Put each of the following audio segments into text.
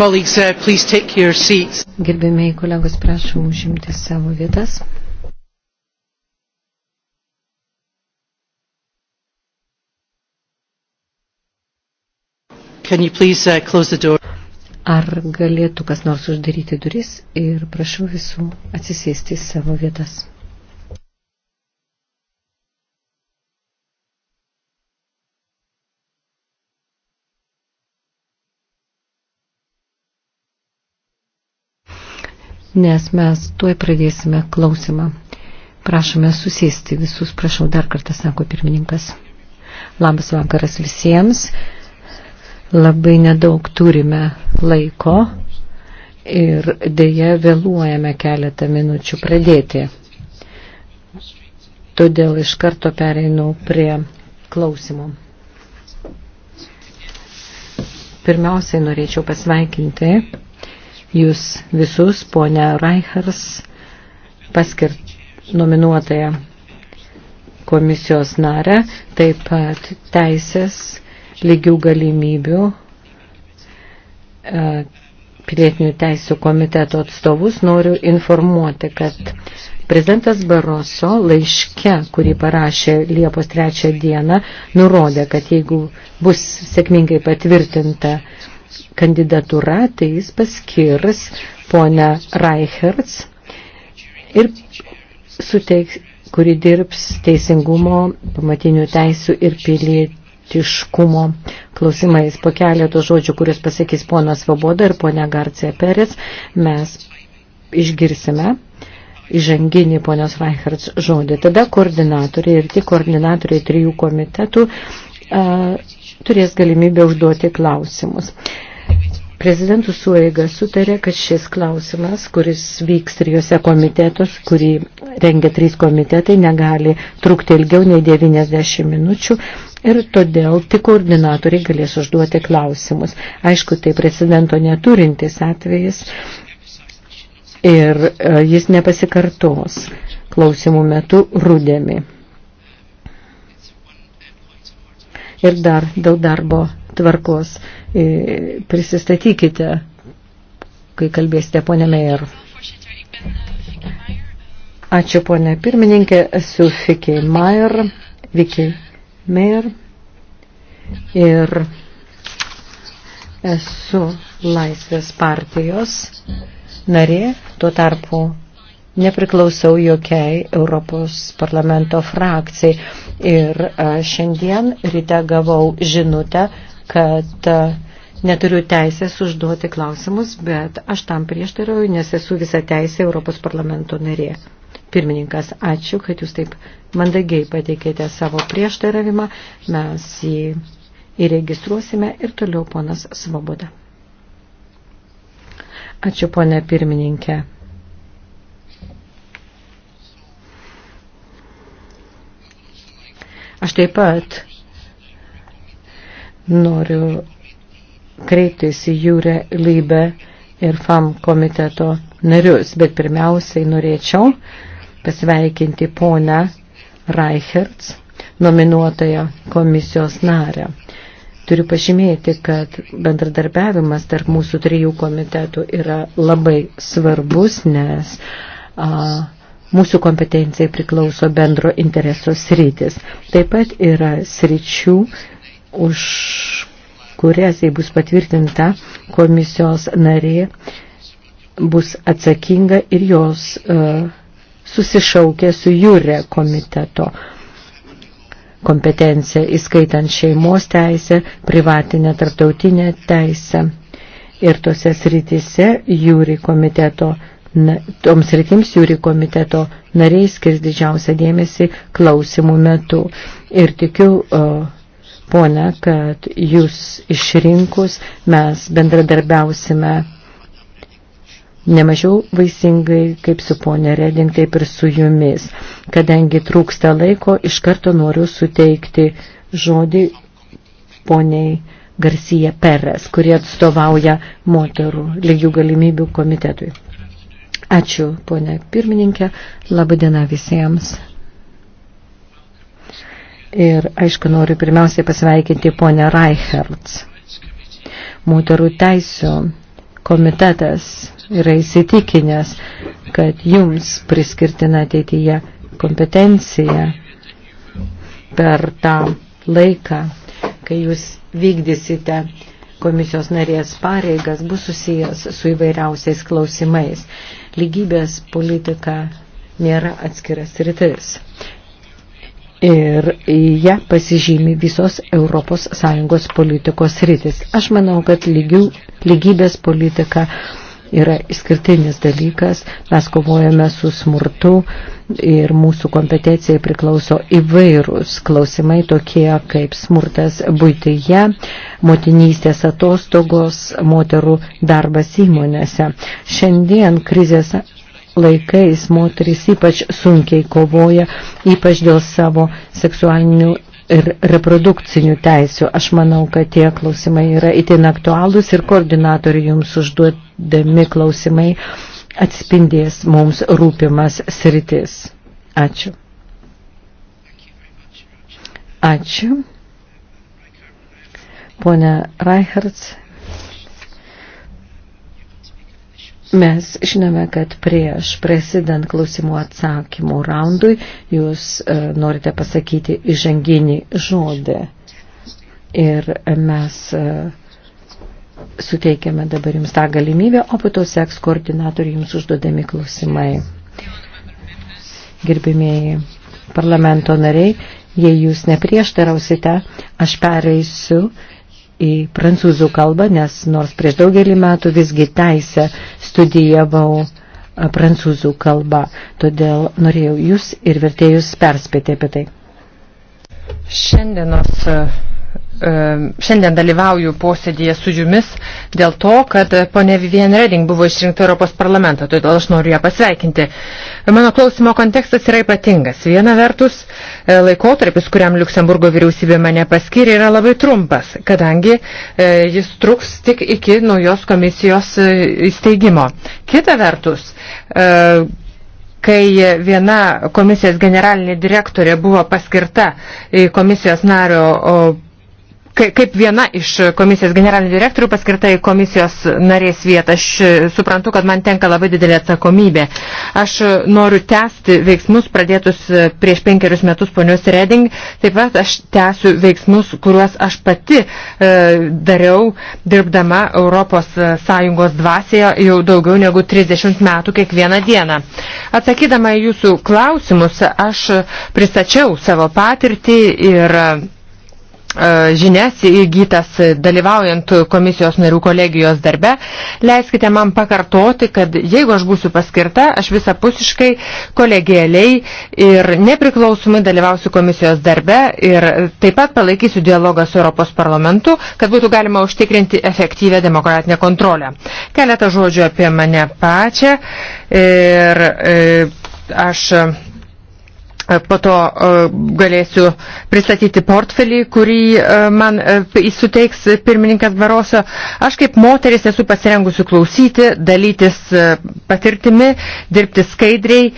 colleagues, uh, please take your seats. Gerbėmiai kolegos, prašom užimti savo vietas. Can you please uh, close the door? Ar galėtų kas nors uždaryti duris ir prašau visų atsisėsti į savo vietas. nes mes tuoj pradėsime klausimą. Prašome susėsti visus, prašau, dar kartą sako pirmininkas. Labas vakaras visiems. Labai nedaug turime laiko ir dėja vėluojame keletą minučių pradėti. Todėl iš karto pereinau prie klausimų. Pirmiausiai norėčiau pasveikinti jūs visus, ponia Reichers, paskirt nominuotąją komisijos narę, taip pat teisės lygių galimybių e, pilietinių teisų komiteto atstovus noriu informuoti, kad prezidentas Baroso laiške, kurį parašė Liepos 3 dieną, nurodė, kad jeigu bus sėkmingai patvirtinta uh, kandidatūra, tai jis paskirs ponę Reichertz ir suteiks, kuri dirbs teisingumo, pamatinių teisų ir pilietiškumo klausimais. Po keleto žodžių, kuriuos pasakys ponas Svoboda ir ponia Garcija Perez, mes išgirsime įžanginį ponios Reichertz žodį. Tada koordinatoriai ir tik koordinatoriai trijų komitetų a, turės galimybę užduoti klausimus. Prezidentų suėga sutarė, kad šis klausimas, kuris vyks trijose komitetos, kurį rengia trys komitetai, negali trukti ilgiau nei 90 minučių ir todėl tik koordinatoriai galės užduoti klausimus. Aišku, tai prezidento neturintis atvejis ir e, jis nepasikartos klausimų metu rudėmi. Ir dar dėl darbo tvarkos. E, prisistatykite, kai kalbėsite, ponė Meijer. Ačiū, ponė pirmininkė, esu Fikiai Meijer, Vikiai Meijer ir esu Laisvės partijos narė, tuo tarpu nepriklausau jokiai Europos parlamento frakcijai. Ir e, šiandien ryte gavau žinutę kad e, neturiu teisės užduoti klausimus, bet aš tam prieštarauju, nes esu visą teisę Europos parlamento narė. Pirmininkas, ačiū, kad jūs taip mandagiai pateikėte savo prieštaravimą. Mes jį įregistruosime ir toliau ponas Svoboda. Ačiū, ponė pirmininkė. Aš taip pat Noriu kreiptis į Jūrę Lybę ir FAM komiteto narius, bet pirmiausiai norėčiau pasveikinti ponę Reichertz, nominuotąją komisijos narę. Turiu pažymėti, kad bendradarbiavimas tarp mūsų trijų komitetų yra labai svarbus, nes a, mūsų kompetencijai priklauso bendro intereso sritis. Taip pat yra sričių, už kurias, jei bus patvirtinta, komisijos narė bus atsakinga ir jos uh, e, susišaukė su jūrė komiteto kompetencija, įskaitant šeimos teisę, privatinę tarptautinę teisę. Ir tose srityse jūri komiteto, na, toms sritims jūri komiteto nariai skirs didžiausią dėmesį klausimų metu. Ir tikiu, uh, ponę, kad jūs išrinkus mes bendradarbiausime nemažiau vaisingai kaip su ponė Reding, taip ir su jumis. Kadangi trūksta laiko, iš karto noriu suteikti žodį poniai Garcija Peres, kurie atstovauja moterų lygių galimybių komitetui. Ačiū, ponė pirmininkė. Labadiena visiems. Ir, aišku, noriu pirmiausiai pasveikinti ponę Reichertz. Moterų teisų komitetas yra įsitikinęs, kad jums priskirtina ateityje kompetencija per tą laiką, kai jūs vykdysite komisijos narės pareigas, bus susijęs su įvairiausiais klausimais. Lygybės politika nėra atskiras rytis ir ją pasižymi visos ES politikos rytis. Aš manau, kad lygių, lygybės politika yra išskirtinis dalykas, mes kovojame su smurtu ir mūsų kompetencijai priklauso įvairūs klausimai, tokie kaip smurtas būtyje, motinystės atostogos, moterų darbas įmonėse. Šiandien krizės laikais moteris ypač sunkiai kovoja, ypač dėl savo seksualinių ir reprodukcinių teisių. Aš manau, kad tie klausimai yra itin aktualūs ir koordinatoriai jums užduodami klausimai atspindės mums rūpimas sritis. Ačiū. Ačiū. Pone Reichertz, Mes žinome, kad prieš prasidant klausimų atsakymų raundui jūs e, norite pasakyti įžanginį žodį. Ir mes e, suteikiame dabar jums tą galimybę, o po to seks koordinatoriai jums užduodami klausimai. Gerbimieji parlamento nariai, jei jūs neprieštarausite, aš pereisiu į prancūzų kalbą, nes nors prieš daugelį metų visgi teisę studijavau prancūzų kalbą. Todėl norėjau jūs ir vertėjus perspėti apie tai. Šiandienos Ehm, šiandien dalyvauju posėdėje su jumis dėl to, kad e, ponė Vivian Reding buvo išrinkta Europos parlamentą, todėl aš noriu ją pasveikinti. Mano klausimo kontekstas yra ypatingas. Viena vertus, e, laikotarpis, kuriam Luksemburgo vyriausybė mane paskyrė, yra labai trumpas, kadangi e, jis truks tik iki naujos komisijos įsteigimo. Kita vertus, kai viena komisijos generalinė direktorė buvo paskirta komisijos nario kaip viena iš komisijos generalinių direktorių paskirta į komisijos narės vietą. Aš e, suprantu, kad man tenka labai didelė atsakomybė. Aš e, noriu tęsti veiksmus pradėtus e, prieš penkerius metus ponios Reding. Taip pat aš tęsiu veiksmus, kuriuos aš pati e, dariau dirbdama Europos Sąjungos dvasėje jau daugiau negu 30 metų kiekvieną dieną. Atsakydama į jūsų klausimus, aš pristačiau savo patirtį ir E, žinias įgytas dalyvaujant komisijos narių kolegijos darbe. Leiskite man pakartoti, kad jeigu aš būsiu paskirta, aš visapusiškai kolegialiai ir nepriklausomai dalyvausiu komisijos darbe ir taip pat palaikysiu dialogą su Europos parlamentu, kad būtų galima užtikrinti efektyvę demokratinę kontrolę. Keletą žodžių apie mane pačią ir e, aš E, po to e, galėsiu pristatyti portfelį, kurį e, man suteiks pirmininkas Baroso. Aš kaip moteris esu pasirengusi klausyti, dalytis patirtimi, dirbti skaidriai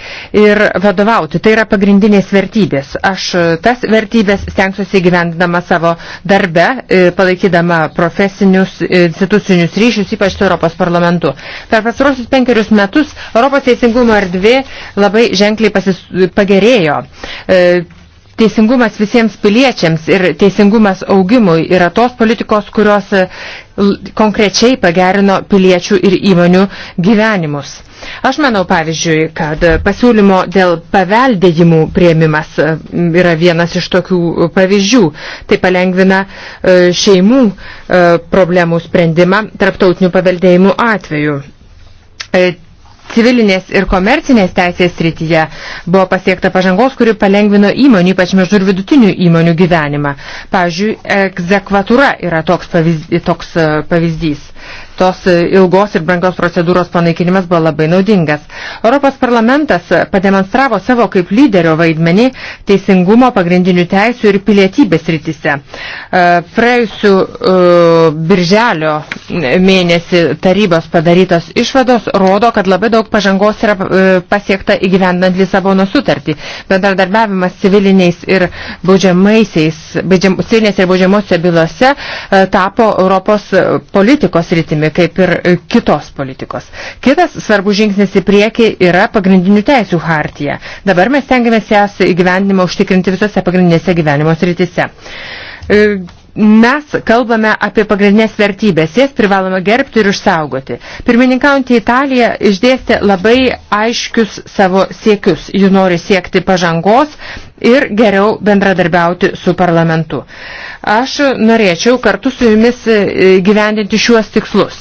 ir vadovauti. Tai yra pagrindinės vertybės. Aš tas vertybės stengsiuosi gyvendama savo darbe, palaikydama profesinius institucinius ryšius, ypač su Europos parlamentu. Per pasarosius penkerius metus Europos teisingumo erdvė labai ženkliai pagerėjo augimo. E, teisingumas visiems piliečiams ir teisingumas augimui yra tos politikos, kurios e, konkrečiai pagerino piliečių ir įmonių gyvenimus. Aš manau, pavyzdžiui, kad pasiūlymo dėl paveldėjimų prieimimas e, yra vienas iš tokių pavyzdžių. Tai palengvina šeimų problemų sprendimą tarptautinių paveldėjimų atveju civilinės ir komercinės teisės srityje buvo pasiekta pažangos, kuri palengvino įmonių, ypač mažų ir vidutinių įmonių gyvenimą. Pavyzdžiui, egzekvatūra yra toks, e, pavyzdys, toks pavyzdys tos e, ilgos ir brangios procedūros panaikinimas buvo labai naudingas. Europos parlamentas pademonstravo savo kaip lyderio vaidmenį teisingumo, pagrindinių teisių ir pilietybės rytise. E, Praėjusių e, birželio mėnesį tarybos padarytos išvados rodo, kad labai daug pažangos yra pasiekta įgyvendant Lisabono sutartį. Bendradarbiavimas civiliniais ir baudžiamaisiais, baudžiam, civilinės ir baudžiamosiose bylose tapo Europos politikos rytimi kaip ir e, kitos politikos. Kitas svarbus žingsnis į priekį yra pagrindinių teisių hartija. Dabar mes tengiamės jas įgyvendimą užtikrinti visose pagrindinėse gyvenimo srityse. E, mes kalbame apie pagrindinės vertybės, jas privalome gerbti ir išsaugoti. Pirmininkaujantį Italiją išdėstė labai aiškius savo siekius. Ji nori siekti pažangos ir geriau bendradarbiauti su parlamentu. Aš norėčiau kartu su jumis e, gyvendinti šiuos tikslus.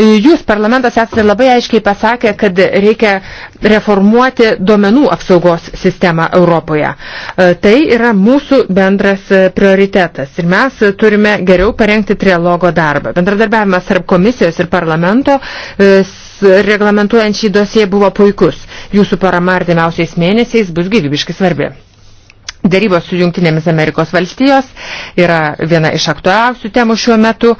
E, jūs parlamentas esate labai aiškiai pasakę, kad reikia reformuoti duomenų apsaugos sistemą Europoje. E, tai yra mūsų bendras prioritetas ir mes turime geriau parengti trialogo darbą. Bendradarbiavimas tarp komisijos ir parlamento reglamentuojant šį dosiją buvo puikus. Jūsų parama artimiausiais mėnesiais bus gyvybiškai svarbi. Darybos su Junktinėmis Amerikos valstijos yra viena iš aktualiausių temų šiuo metu.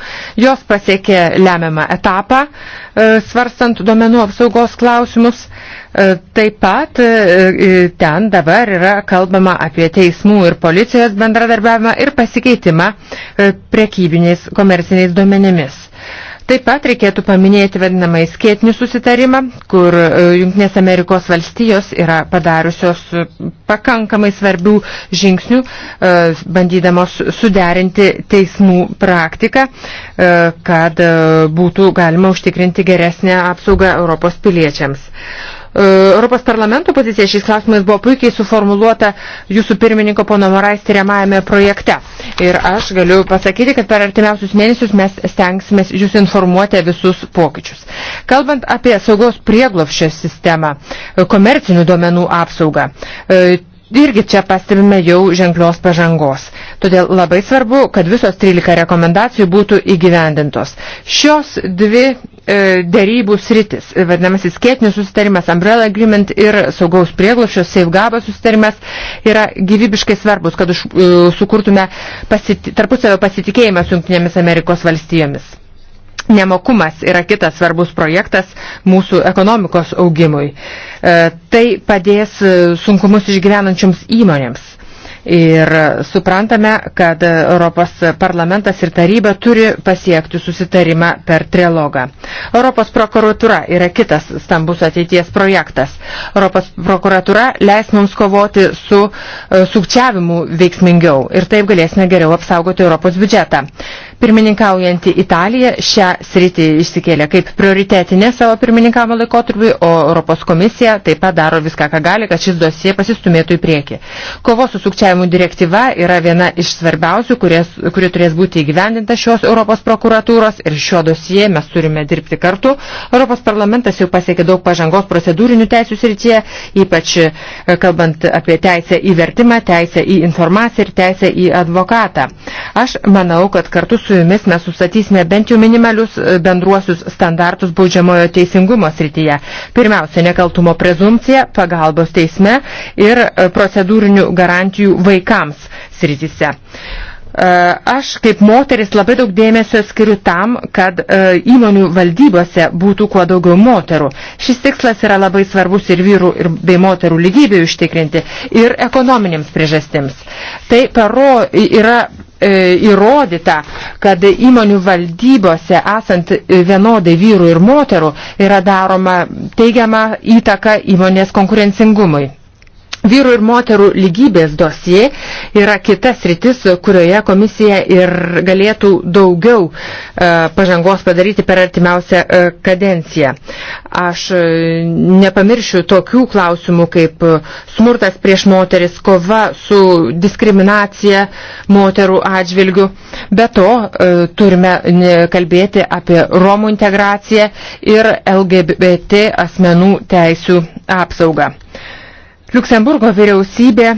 Jos pasiekė lemiamą etapą, e, svarstant duomenų apsaugos klausimus. E, taip pat e, ten dabar yra kalbama apie teismų ir policijos bendradarbiavimą ir pasikeitimą prekybiniais komerciniais duomenimis. Taip pat reikėtų paminėti vadinamai skėtinį susitarimą, kur e, Junktinės Amerikos valstijos yra padariusios e, pakankamai svarbių žingsnių, e, bandydamos suderinti teismų praktiką, kad būtų galima užtikrinti geresnę apsaugą Europos piliečiams. Europos parlamento pozicija šiais klausimais buvo puikiai suformuluota jūsų pirmininko pono Morais tyriamajame projekte. Ir aš galiu pasakyti, kad per artimiausius mėnesius mes stengsime jūs informuoti visus pokyčius. Kalbant apie saugos prieglopščio sistemą, komercinių duomenų apsaugą, e, irgi čia pastebime jau ženklios pažangos. Todėl labai svarbu, kad visos 13 rekomendacijų būtų įgyvendintos. Šios dvi E, dėrybų sritis, e, vadinamasis skėtinis susitarimas, umbrella agreement ir saugaus prieglošio SafeGaba susitarimas yra gyvybiškai svarbus, kad už, uh, sukurtume pasiti, tarpusavio pasitikėjimą su Junktinėmis Amerikos valstijomis. Nemokumas yra kitas svarbus projektas mūsų ekonomikos augimui. Uh, tai padės sunkumus išgyvenančioms įmonėms Ir suprantame, kad Europos parlamentas ir taryba turi pasiekti susitarimą per trilogą. Europos prokuratura yra kitas stambus ateities projektas. Europos prokuratura leis mums kovoti su e, sukčiavimu veiksmingiau ir taip galėsime geriau apsaugoti Europos biudžetą. Pirmininkaujantį Italiją šią sritį išsikėlė kaip prioritetinė savo pirmininkavimo laikotarpiui, o Europos komisija taip pat daro viską, ką gali, kad šis dosie pasistumėtų į priekį. Kovos su sukčiavimu direktyva yra viena iš svarbiausių, kuries, kuri turės būti įgyvendinta šios Europos prokuratūros ir šio dosie mes turime dirbti kartu. Europos parlamentas jau pasiekė daug pažangos procedūrinių teisų srityje, ypač e, kalbant apie teisę į vertimą, teisę į informaciją ir teisę į advokatą. Aš manau, kad kartu su jumis mes sustatysime bent jau minimalius e, bendruosius standartus baudžiamojo teisingumo srityje. Pirmiausia, nekaltumo prezumcija, pagalbos teisme ir e, procedūrinių garantijų vaikams srityse. Aš kaip moteris labai daug dėmesio skiriu tam, kad e, įmonių valdybose būtų kuo daugiau moterų. Šis tikslas yra labai svarbus ir vyrų ir bei moterų lygybė užtikrinti ir ekonominėms priežastims. Tai paro yra e, įrodyta, kad įmonių valdybose esant vienodai vyrų ir moterų yra daroma teigiama įtaka įmonės konkurencingumui vyrų ir moterų lygybės dosie yra kitas rytis, kurioje komisija ir galėtų daugiau e, pažangos padaryti per artimiausią e, kadenciją. Aš e, nepamiršiu tokių klausimų kaip smurtas prieš moteris, kova su diskriminacija moterų atžvilgių. Be to turime kalbėti apie Romų integraciją ir LGBT asmenų teisių apsaugą. Luksemburgo vyriausybė e,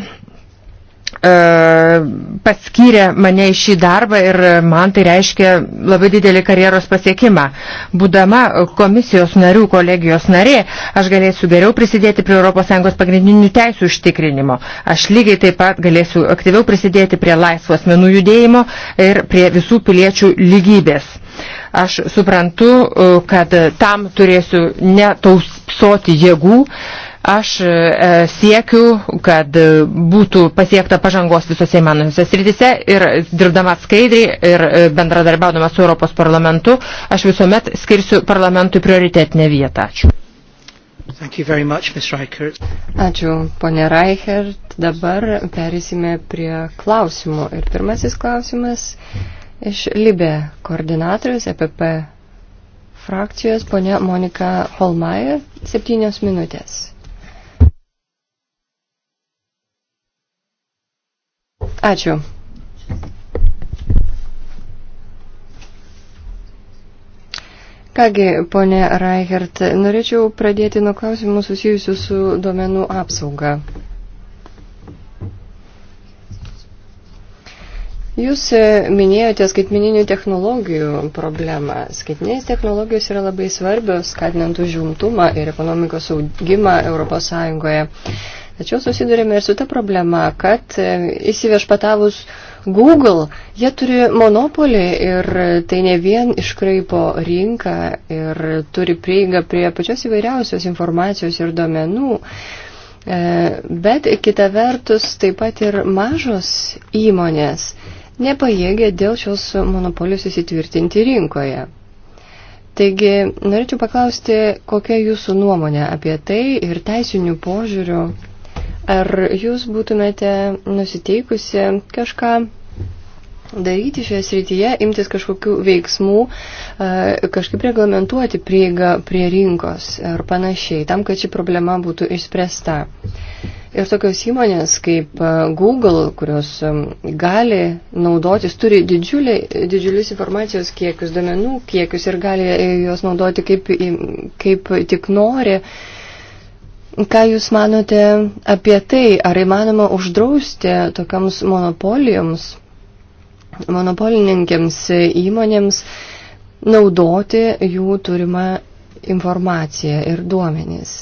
paskyrė mane į šį darbą ir man tai reiškia labai didelį karjeros pasiekimą. Būdama komisijos narių kolegijos narė, aš galėsiu geriau prisidėti prie ES pagrindinių teisų užtikrinimo. Aš lygiai taip pat galėsiu aktyviau prisidėti prie laisvos menų judėjimo ir prie visų piliečių lygybės aš suprantu, e, kad tam turėsiu netausoti jėgų, Aš e, siekiu, kad e, būtų pasiekta pažangos visose įmanomose srityse ir dirbdama skaidriai ir e, bendradarbiaudama su Europos parlamentu, aš visuomet skirsiu parlamentui prioritetinę vietą. Ačiū. Thank you very much, Ms. Reichert. Ačiū, ponė Reichert. Dabar perėsime prie klausimų. Ir pirmasis klausimas iš Libė koordinatorius EPP frakcijos, ponė Monika Holmeier, septynios minutės. Ačiū. Kągi, ponė Reichert, norėčiau pradėti nuo klausimų susijusių su duomenų apsauga. Jūs e, minėjote skaitmeninių technologijų problemą. Skaitminės technologijos yra labai svarbios, skatinant užimtumą ir ekonomikos augimą Europos Sąjungoje. Tačiau susidurime ir su ta problema, kad e, įsivešpatavus Google, jie turi monopolį ir tai ne vien iškraipo rinką ir turi prieigą prie pačios įvairiausios informacijos ir domenų. E, bet kita vertus taip pat ir mažos įmonės nepajėgė dėl šios monopolius įsitvirtinti rinkoje. Taigi, norėčiau paklausti, kokia jūsų nuomonė apie tai ir teisinių požiūrių Ar jūs būtumėte nusiteikusi kažką daryti šioje srityje, imtis kažkokių veiksmų, kažkaip reglamentuoti prieigą prie rinkos ir panašiai, tam, kad ši problema būtų išspręsta. Ir tokios įmonės kaip Google, kurios gali naudotis, turi didžiulį, didžiulius informacijos kiekius, domenų kiekius ir gali e, juos naudoti kaip, kaip tik nori. Uh, Ką Jūs manote apie tai, ar įmanoma uždrausti tokiams monopolijoms, monopolininkėms įmonėms naudoti jų turimą informaciją ir duomenys?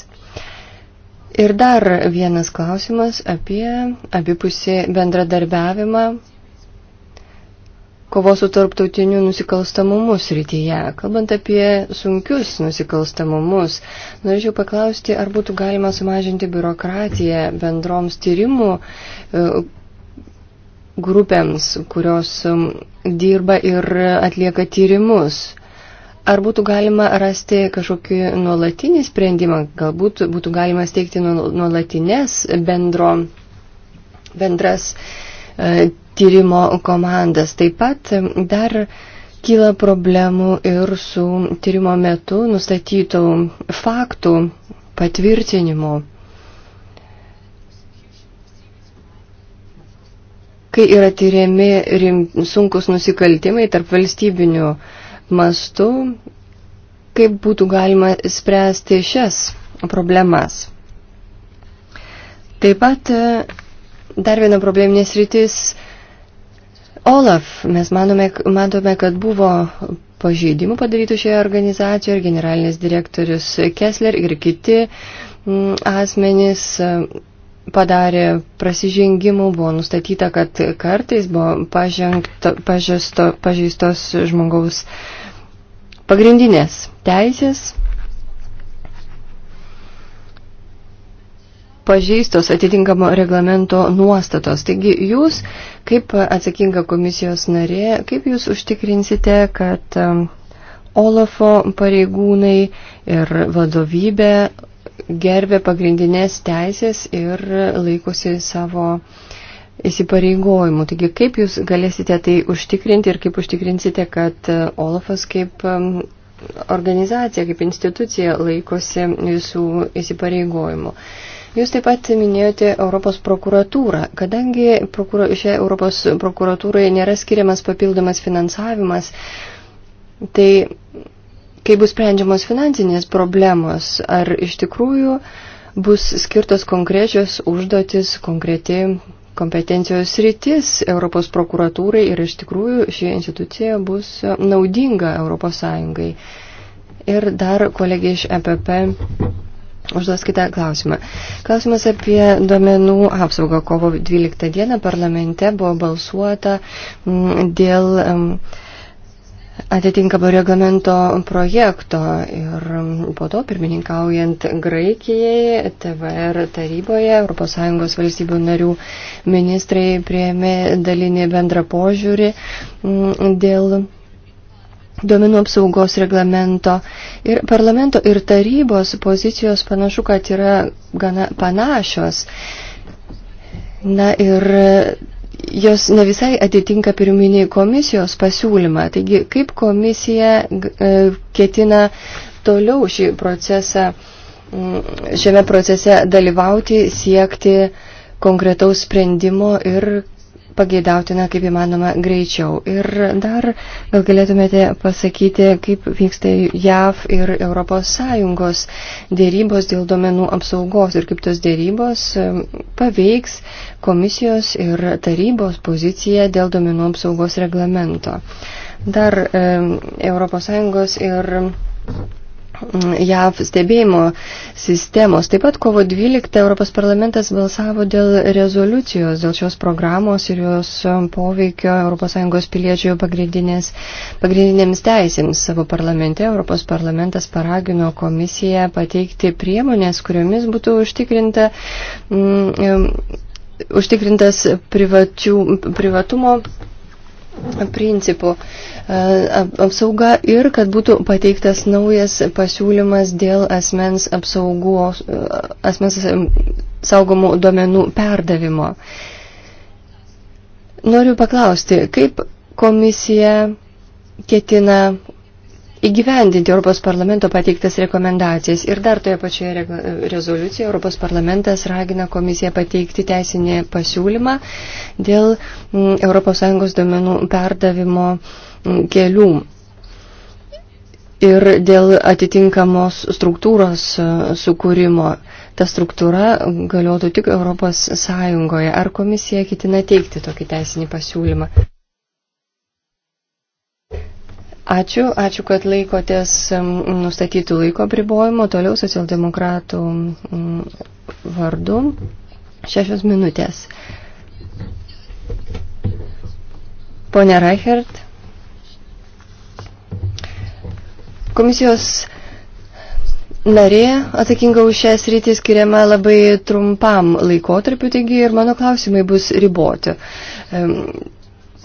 Ir dar vienas klausimas apie abipusį bendradarbiavimą kovos su tarptautiniu nusikalstamumu srityje. Kalbant apie sunkius nusikalstamumus, norėčiau paklausti, ar būtų galima sumažinti biurokratiją bendroms tyrimų e, grupėms, kurios dirba ir atlieka tyrimus. Ar būtų galima rasti kažkokį nuolatinį sprendimą, galbūt būtų galima steigti nuolatinės bendro, bendras e, tyrimo komandas. Taip pat dar kyla problemų ir su tyrimo metu nustatytų faktų patvirtinimu. Kai yra tyriami rim, sunkus nusikaltimai tarp valstybinių mastų, kaip būtų galima spręsti šias problemas. Taip pat e, dar viena probleminė sritis Olaf, mes manome, matome, kad buvo pažeidimų padarytų šioje organizacijoje ir generalinis direktorius Kessler ir kiti mm, asmenys e, padarė prasižengimų, buvo nustatyta, kad kartais buvo pažengto, pažesto, pažeistos žmogaus pagrindinės teisės pažeistos atitinkamo reglamento nuostatos. Taigi jūs, kaip atsakinga komisijos narė, kaip jūs užtikrinsite, kad um, Olafo pareigūnai ir vadovybė gerbė pagrindinės teisės ir laikosi savo įsipareigojimų. Taigi, kaip jūs galėsite tai užtikrinti ir kaip užtikrinsite, kad uh, Olafas kaip um, organizacija, kaip institucija laikosi visų įsipareigojimų. Jūs taip pat minėjote Europos prokuratūrą. Kadangi prokura, šiai Europos prokuratūrai nėra skiriamas papildomas finansavimas, tai kaip bus sprendžiamos finansinės problemos, ar iš tikrųjų bus skirtos konkrečios užduotis, konkreti kompetencijos rytis Europos prokuratūrai ir iš tikrųjų ši institucija bus naudinga Europos Sąjungai. Ir dar kolegė iš EPP Užduoskite klausimą. Klausimas apie duomenų apsaugą. Kovo 12 dieną parlamente buvo balsuota mm, dėl mm, atitinkamo reglamento projekto ir mm, po to pirmininkaujant Graikijai, TVR taryboje, ES valstybių narių ministrai prieėmė dalinį bendrą požiūrį dėl duomenų apsaugos reglamento. Ir parlamento ir tarybos pozicijos panašu, kad yra gana panašios. Na ir jos ne visai atitinka pirminį komisijos pasiūlymą. Taigi, kaip komisija e, ketina toliau šį procesą, šiame procese dalyvauti, siekti konkretaus sprendimo ir pageidautina kaip įmanoma greičiau. Ir dar gal galėtumėte pasakyti, kaip vyksta JAV ir ES dėrybos dėl domenų apsaugos ir kaip tos dėrybos paveiks komisijos ir tarybos poziciją dėl domenų apsaugos reglamento. Dar ES ir JAV stebėjimo sistemos. Taip pat kovo 12 Europos parlamentas balsavo dėl rezoliucijos, dėl šios programos ir jos poveikio ES piliečių pagrindinėms teisėms. Savo parlamente Europos parlamentas paragino komisiją pateikti priemonės, kuriomis būtų užtikrinta. Mm, Užtikrintas privačių, privatumo principų e, apsauga ir kad būtų pateiktas naujas pasiūlymas dėl asmens apsaugos, e, asmens e, saugomų duomenų perdavimo. Noriu paklausti, kaip komisija ketina įgyvendinti Europos parlamento pateiktas rekomendacijas. Ir dar toje pačioje rezoliucijoje Europos parlamentas ragina komisiją pateikti teisinį pasiūlymą dėl mm, ES duomenų perdavimo mm, kelių ir dėl atitinkamos struktūros e, sukūrimo. Ta struktūra galiotų tik Europos Sąjungoje. Ar komisija ketina teikti tokį teisinį pasiūlymą? Ačiū, ačiū, kad laikotės nustatytų laiko pribojimo. Toliau socialdemokratų vardu. Šešios minutės. Pone Reichert. Komisijos narė atsakinga už šią sritį skiriama labai trumpam laikotarpiu, taigi ir mano klausimai bus riboti.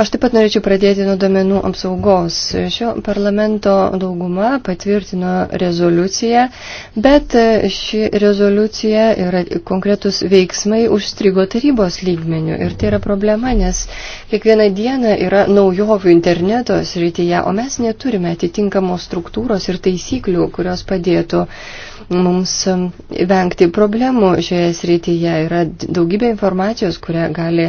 Aš taip pat norėčiau pradėti nuo domenų apsaugos. Šio parlamento dauguma patvirtino rezoliuciją, bet ši rezoliucija ir konkretus veiksmai užstrigo tarybos lygmenių. Ir tai yra problema, nes kiekvieną dieną yra naujovių interneto srityje, o mes neturime atitinkamos struktūros ir taisyklių, kurios padėtų uh, mums vengti problemų šioje srityje. Yra daugybė informacijos, kurią gali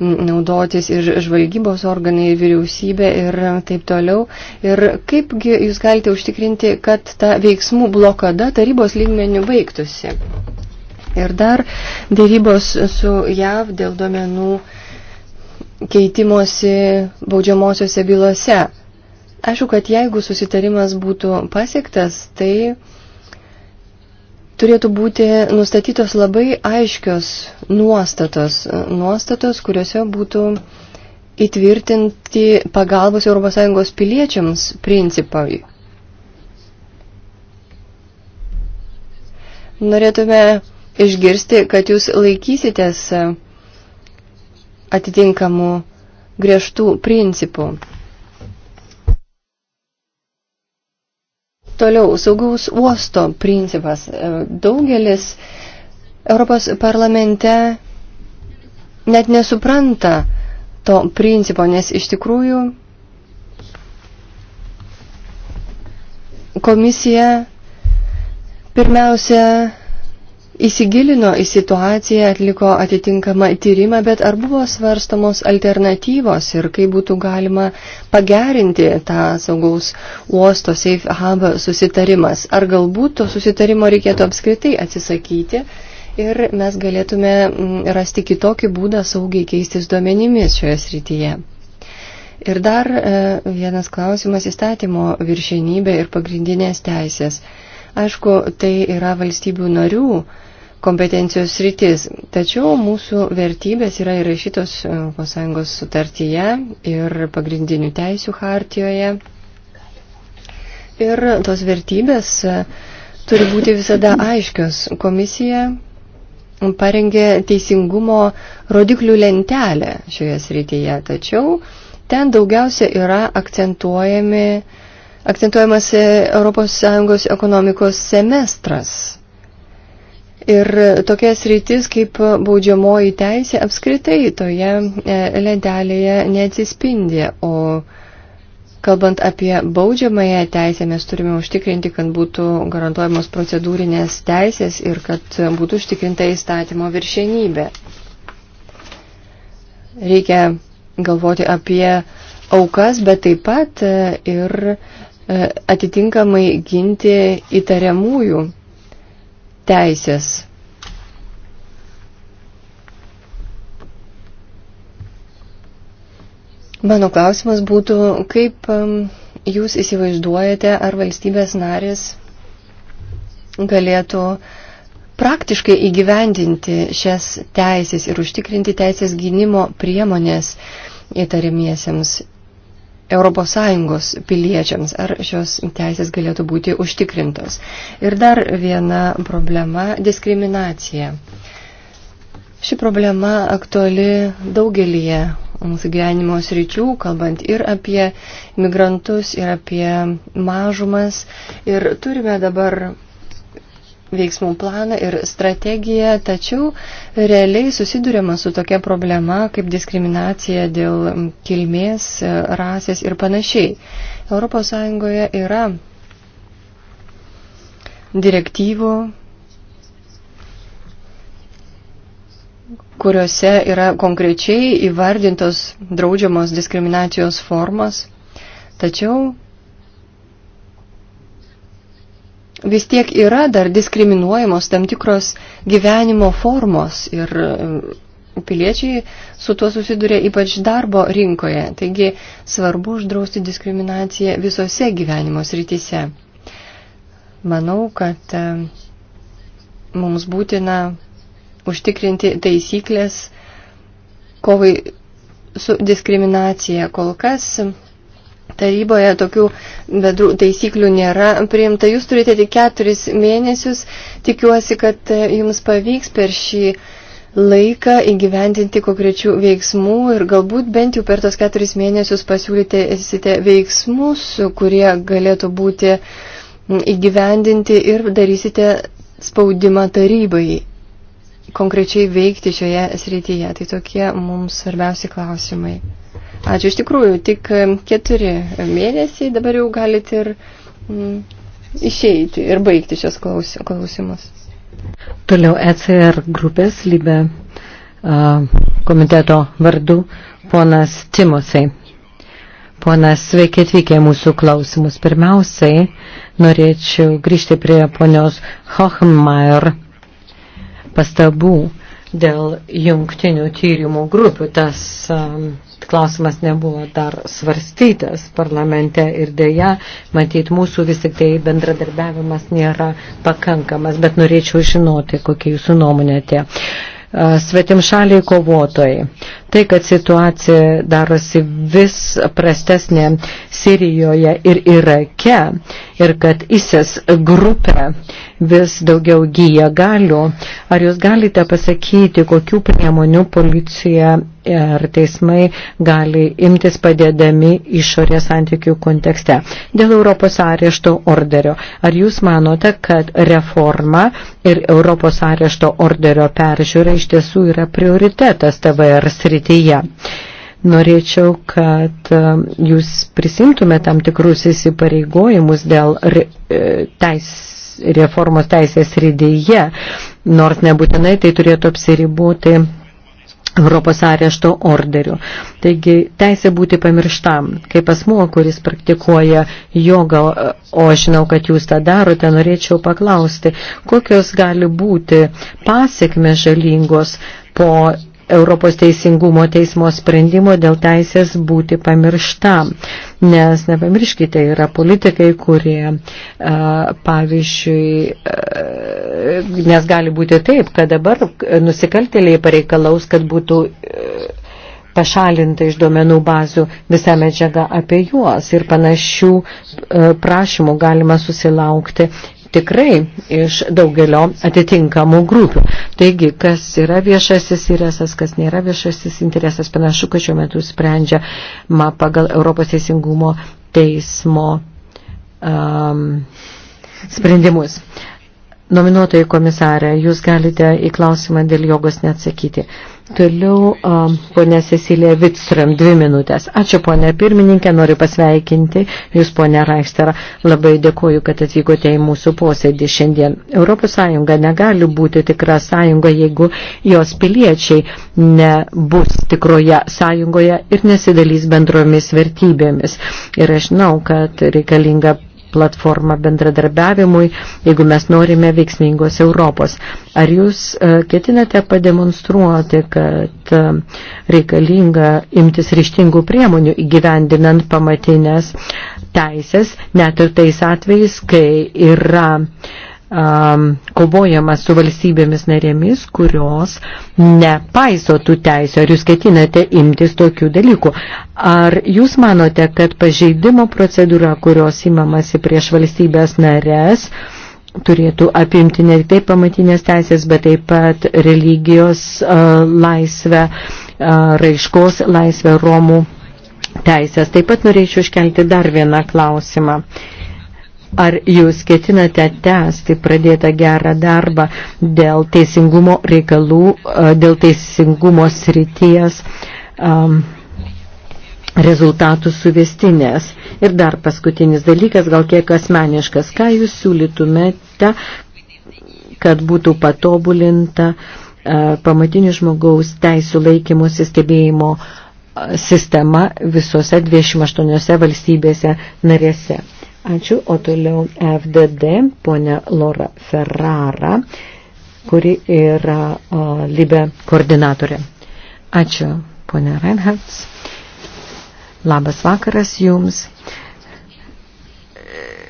naudotis ir žvalgybos organai, ir vyriausybė, ir taip toliau. Ir kaipgi jūs galite užtikrinti, kad ta veiksmų blokada tarybos lygmenių baigtųsi. Ir dar dėrybos su JAV dėl duomenų keitimosi baudžiamosiose bylose. Aišku, kad jeigu susitarimas būtų pasiektas, tai turėtų būti nustatytos labai aiškios nuostatos, nuostatos, kuriuose būtų įtvirtinti pagalbos ES piliečiams principai. Norėtume išgirsti, kad jūs laikysitės atitinkamų griežtų principų. Toliau, saugaus uosto principas. E, daugelis Europos parlamente net nesupranta to principo, nes iš tikrųjų komisija pirmiausia įsigilino į situaciją, atliko atitinkamą tyrimą, bet ar buvo svarstamos alternatyvos ir kaip būtų galima pagerinti tą saugaus uosto Safe Hub susitarimas? Ar galbūt to susitarimo reikėtų apskritai atsisakyti ir mes galėtume mm, rasti kitokį būdą saugiai keistis duomenimis šioje srityje? Ir dar e, vienas klausimas įstatymo viršenybė ir pagrindinės teisės. Aišku, tai yra valstybių narių kompetencijos sritis. Tačiau mūsų vertybės yra įrašytos ES sutartyje ir pagrindinių teisių hartijoje. Ir tos vertybės turi būti visada aiškios. Komisija parengė teisingumo rodiklių lentelę šioje srityje, tačiau ten daugiausia yra akcentuojami, akcentuojamas ES ekonomikos semestras. Ir tokias rytis kaip baudžiamoji teisė apskritai toje e, lentelėje neatsispindi, o kalbant apie baudžiamąją teisę, mes turime užtikrinti, kad būtų garantuojamos procedūrinės teisės ir kad būtų užtikrinta įstatymo viršenybė. Reikia galvoti apie aukas, bet taip pat e, ir e, atitinkamai ginti įtariamųjų teisės. Mano klausimas būtų, kaip um, jūs įsivaizduojate, ar valstybės narės galėtų praktiškai įgyvendinti šias teisės ir užtikrinti teisės gynimo priemonės įtariamiesiems ES piliečiams, ar šios teisės galėtų būti užtikrintos. Ir dar viena problema - diskriminacija. Ši problema aktuali daugelįje mūsų gyvenimo sričių, kalbant ir apie migrantus, ir apie mažumas. Ir turime dabar veiksmų planą ir strategiją, tačiau realiai susidurėma su tokia problema kaip diskriminacija dėl kilmės, rasės ir panašiai. ES yra direktyvų, kuriuose yra konkrečiai įvardintos draudžiamos diskriminacijos formas, tačiau vis tiek yra dar diskriminuojamos tam tikros gyvenimo formos ir e, piliečiai su tuo susiduria ypač darbo rinkoje. Taigi svarbu uždrausti diskriminaciją visose gyvenimo srityse. Manau, kad e, mums būtina užtikrinti taisyklės kovai su diskriminacija. Kol kas taryboje tokių bedrų taisyklių nėra priimta. Jūs turite tik keturis mėnesius. Tikiuosi, kad e, jums pavyks per šį laiką įgyvendinti konkrečių veiksmų ir galbūt bent jau per tos keturis mėnesius pasiūlyti esite veiksmus, kurie galėtų būti įgyvendinti ir darysite spaudimą tarybai konkrečiai veikti šioje srityje. Tai tokie mums svarbiausi klausimai. Ačiū, iš tikrųjų, tik keturi mėnesiai, dabar jau galite ir mm, išeiti ir baigti šios klausimus. Toliau ECR grupės lybė uh, komiteto vardu ponas Timosai. Ponas, sveiki atvykę mūsų klausimus. Pirmiausiai norėčiau grįžti prie ponios Hochmeier pastabų dėl jungtinių tyrimų grupių. Tas um, klausimas nebuvo dar svarstytas parlamente ir dėja, matyt, mūsų vis tik tai bendradarbiavimas nėra pakankamas, bet norėčiau žinoti, kokia jūsų nuomonė tie. Svetimšaliai kovotojai. Tai, kad situacija darosi vis prastesnė Sirijoje ir Irake ir kad ISIS grupė vis daugiau gyja galių. Ar jūs galite pasakyti, kokių priemonių policija ar teismai gali imtis padėdami išorės santykių kontekste? Dėl Europos arešto orderio. Ar jūs manote, kad reforma ir Europos arešto orderio peržiūra iš tiesų yra prioritetas TVR srityje? Norėčiau, kad um, jūs prisimtume tam tikrus įsipareigojimus dėl e, teis, reformos teisės rydyje, nors nebūtinai tai turėtų apsiribūti Europos arešto orderių. Taigi teisė būti pamirštam. Kaip asmuo, kuris praktikuoja jogą, o žinau, kad jūs tą darote, norėčiau paklausti, kokios gali būti pasiekmes žalingos po Europos teisingumo teismo sprendimo dėl teisės būti pamirštam. Nes, nepamirškite, yra politikai, kurie, pavyzdžiui, nes gali būti taip, kad dabar nusikaltėliai pareikalaus, kad būtų pašalinta iš duomenų bazių visa medžiaga apie juos ir panašių prašymų galima susilaukti tikrai iš daugelio atitinkamų grupių. Taigi, kas yra viešasis interesas, kas nėra viešasis interesas, panašu, kad šiuo metu sprendžia ma pagal Europos teisingumo teismo um, sprendimus. Nominuotojai komisarė, jūs galite į klausimą dėl jogos neatsakyti. Uh, Toliau ponė Cecilija Vitstram, dvi minutės. Ačiū ponė pirmininkė, noriu pasveikinti Jūs ponė Raiksterą. Labai dėkoju, kad atvykote į mūsų posėdį šiandien. Europos Sąjunga negali būti tikra sąjunga, jeigu jos piliečiai nebus tikroje sąjungoje ir nesidalys bendromis vertybėmis. Ir aš žinau, kad reikalinga platformą bendradarbiavimui, jeigu mes norime veiksmingos Europos. Ar jūs e, ketinate pademonstruoti, kad e, reikalinga imtis ryštingų priemonių įgyvendinant pamatinės teisės, net ir tais atvejais, kai yra uh, um, kovojama su valstybėmis narėmis, kurios nepaiso tų teisų. Ar jūs ketinate imtis tokių dalykų? Ar jūs manote, kad pažeidimo procedūra, kurios imamasi prieš valstybės narės, turėtų apimti ne tik tai pamatinės teisės, bet taip pat religijos uh, laisvę, uh, raiškos laisvę, romų teisės. Taip pat norėčiau iškelti dar vieną klausimą. Uh, Ar jūs ketinate tęsti pradėtą gerą darbą dėl teisingumo reikalų, e, dėl teisingumo srities um, rezultatų suvestinės? Ir dar paskutinis dalykas, gal kiek asmeniškas, ką jūs siūlytumėte, kad būtų patobulinta uh, pamatinių žmogaus teisų laikymo sistebėjimo e, sistema visose 28 valstybėse narėse. Ačiū, o toliau FDD, ponia Laura Ferrara, kuri yra o, Libe koordinatorė. Ačiū, ponia Reinhardt. Labas vakaras jums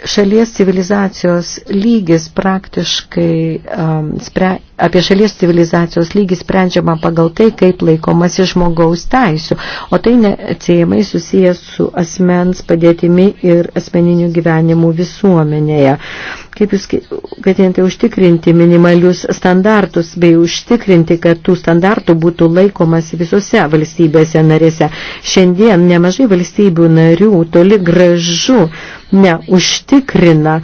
šalies civilizacijos lygis praktiškai um, spre, apie šalies civilizacijos lygį sprendžiama pagal tai, kaip laikomasi žmogaus teisių, o tai neatsiejamai susijęs su asmens padėtimi ir asmeniniu gyvenimu visuomenėje. Kaip jūs ketinate užtikrinti minimalius standartus bei užtikrinti, kad tų standartų būtų laikomas visose valstybėse narėse. Šiandien nemažai valstybių narių toli gražu neužtikrina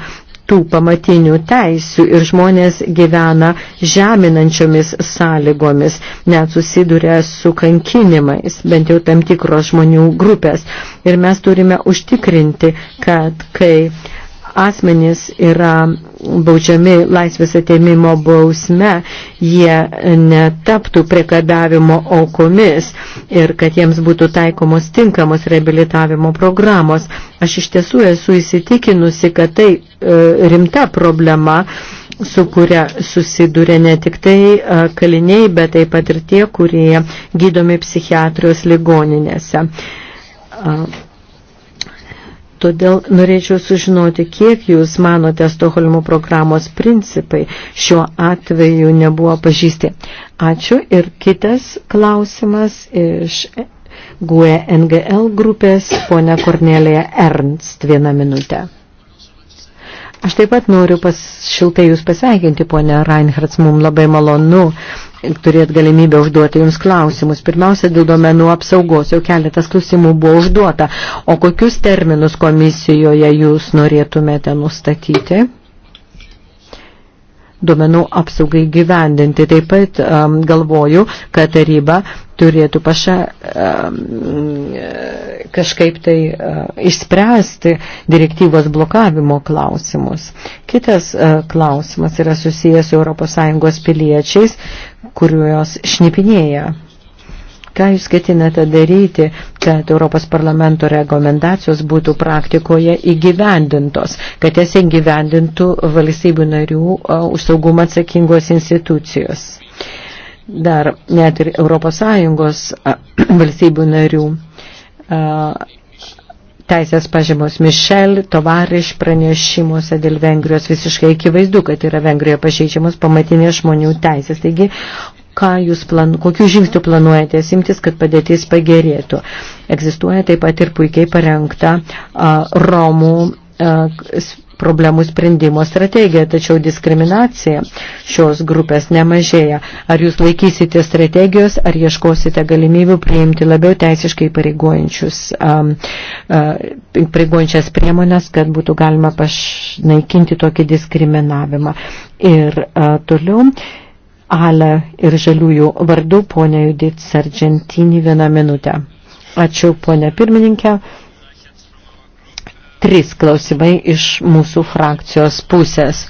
tų pamatinių teisių ir žmonės gyvena žeminančiomis sąlygomis, net susiduria su kankinimais, bent jau tam tikros žmonių grupės. Ir mes turime užtikrinti, kad kai asmenys yra baudžiami laisvės atėmimo bausme, jie netaptų priekabėvimo aukomis ir kad jiems būtų taikomos tinkamos reabilitavimo programos. Aš iš tiesų esu įsitikinusi, kad tai e, rimta problema, su kuria susiduria ne tik tai e, kaliniai, bet taip pat ir tie, kurie gydomi psichiatrijos ligoninėse. E, Todėl norėčiau sužinoti, kiek jūs manote Stoholmo programos principai šiuo atveju nebuvo pažįsti. Ačiū. Ir kitas klausimas iš GUE NGL grupės, ponia Kornelija Ernst, vieną minutę. Aš taip pat noriu pas, šiltai Jūs pasveikinti, ponė Reinhardt, mums labai malonu turėt galimybę užduoti jums klausimus. Pirmiausia, dėl domenų apsaugos jau keletas klausimų buvo užduota. O kokius terminus komisijoje jūs norėtumėte nustatyti? duomenų apsaugai gyvendinti. Taip pat um, galvoju, kad taryba turėtų paša, um, kažkaip tai uh, išspręsti direktyvos blokavimo klausimus. Kitas uh, klausimas yra susijęs su ES piliečiais, kuriuos šnipinėja Ką jūs ketinate daryti, kad Europos parlamento rekomendacijos būtų praktikoje įgyvendintos, kad jas įgyvendintų valstybių narių už saugumą atsakingos institucijos? Dar net ir Europos Sąjungos valstybių narių teisės pažymos Mišel, Tovariš pranešimuose dėl Vengrijos visiškai akivaizdu, kad yra Vengrijoje pažeidžiamos pamatinės žmonių teisės. Taigi, ką jūs plan, kokių žingsnių planuojate simtis, kad padėtis pagerėtų. Egzistuoja taip pat ir puikiai parengta a, Romų a, problemų sprendimo strategija, tačiau diskriminacija šios grupės nemažėja. Ar jūs laikysite strategijos, ar ieškosite galimybių priimti labiau teisiškai pareigojančias priemonės, kad būtų galima pašnaikinti tokį diskriminavimą. Ir a, toliau Ale ir žaliųjų vardu, ponia Judith Sargentini, vieną minutę. Ačiū, ponia pirmininkė. Trys klausimai iš mūsų frakcijos pusės.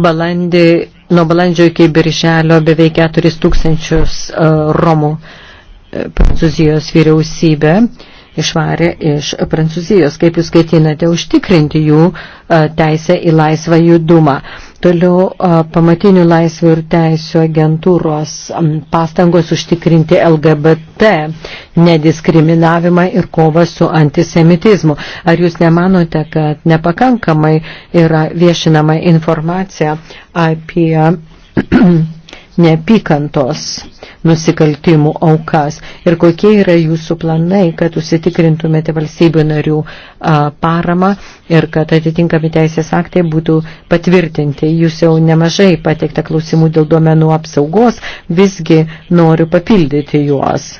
Balandį, nuo balandžio iki birželio beveik 4 tūkstančius uh, romų e, Prancūzijos vyriausybė uh, išvarė iš Prancūzijos. Kaip jūs ketinate užtikrinti jų teisę į laisvą judumą? Toliau pamatinių laisvių ir teisų agentūros pastangos užtikrinti LGBT nediskriminavimą ir kovą su antisemitizmu. Ar jūs nemanote, kad nepakankamai yra viešinama informacija apie neapykantos nusikaltimų aukas ir kokie yra jūsų planai, kad užsitikrintumėte valstybių narių a, paramą ir kad atitinkami teisės aktai būtų patvirtinti. Jūs jau nemažai pateikta klausimų dėl duomenų apsaugos, visgi noriu papildyti juos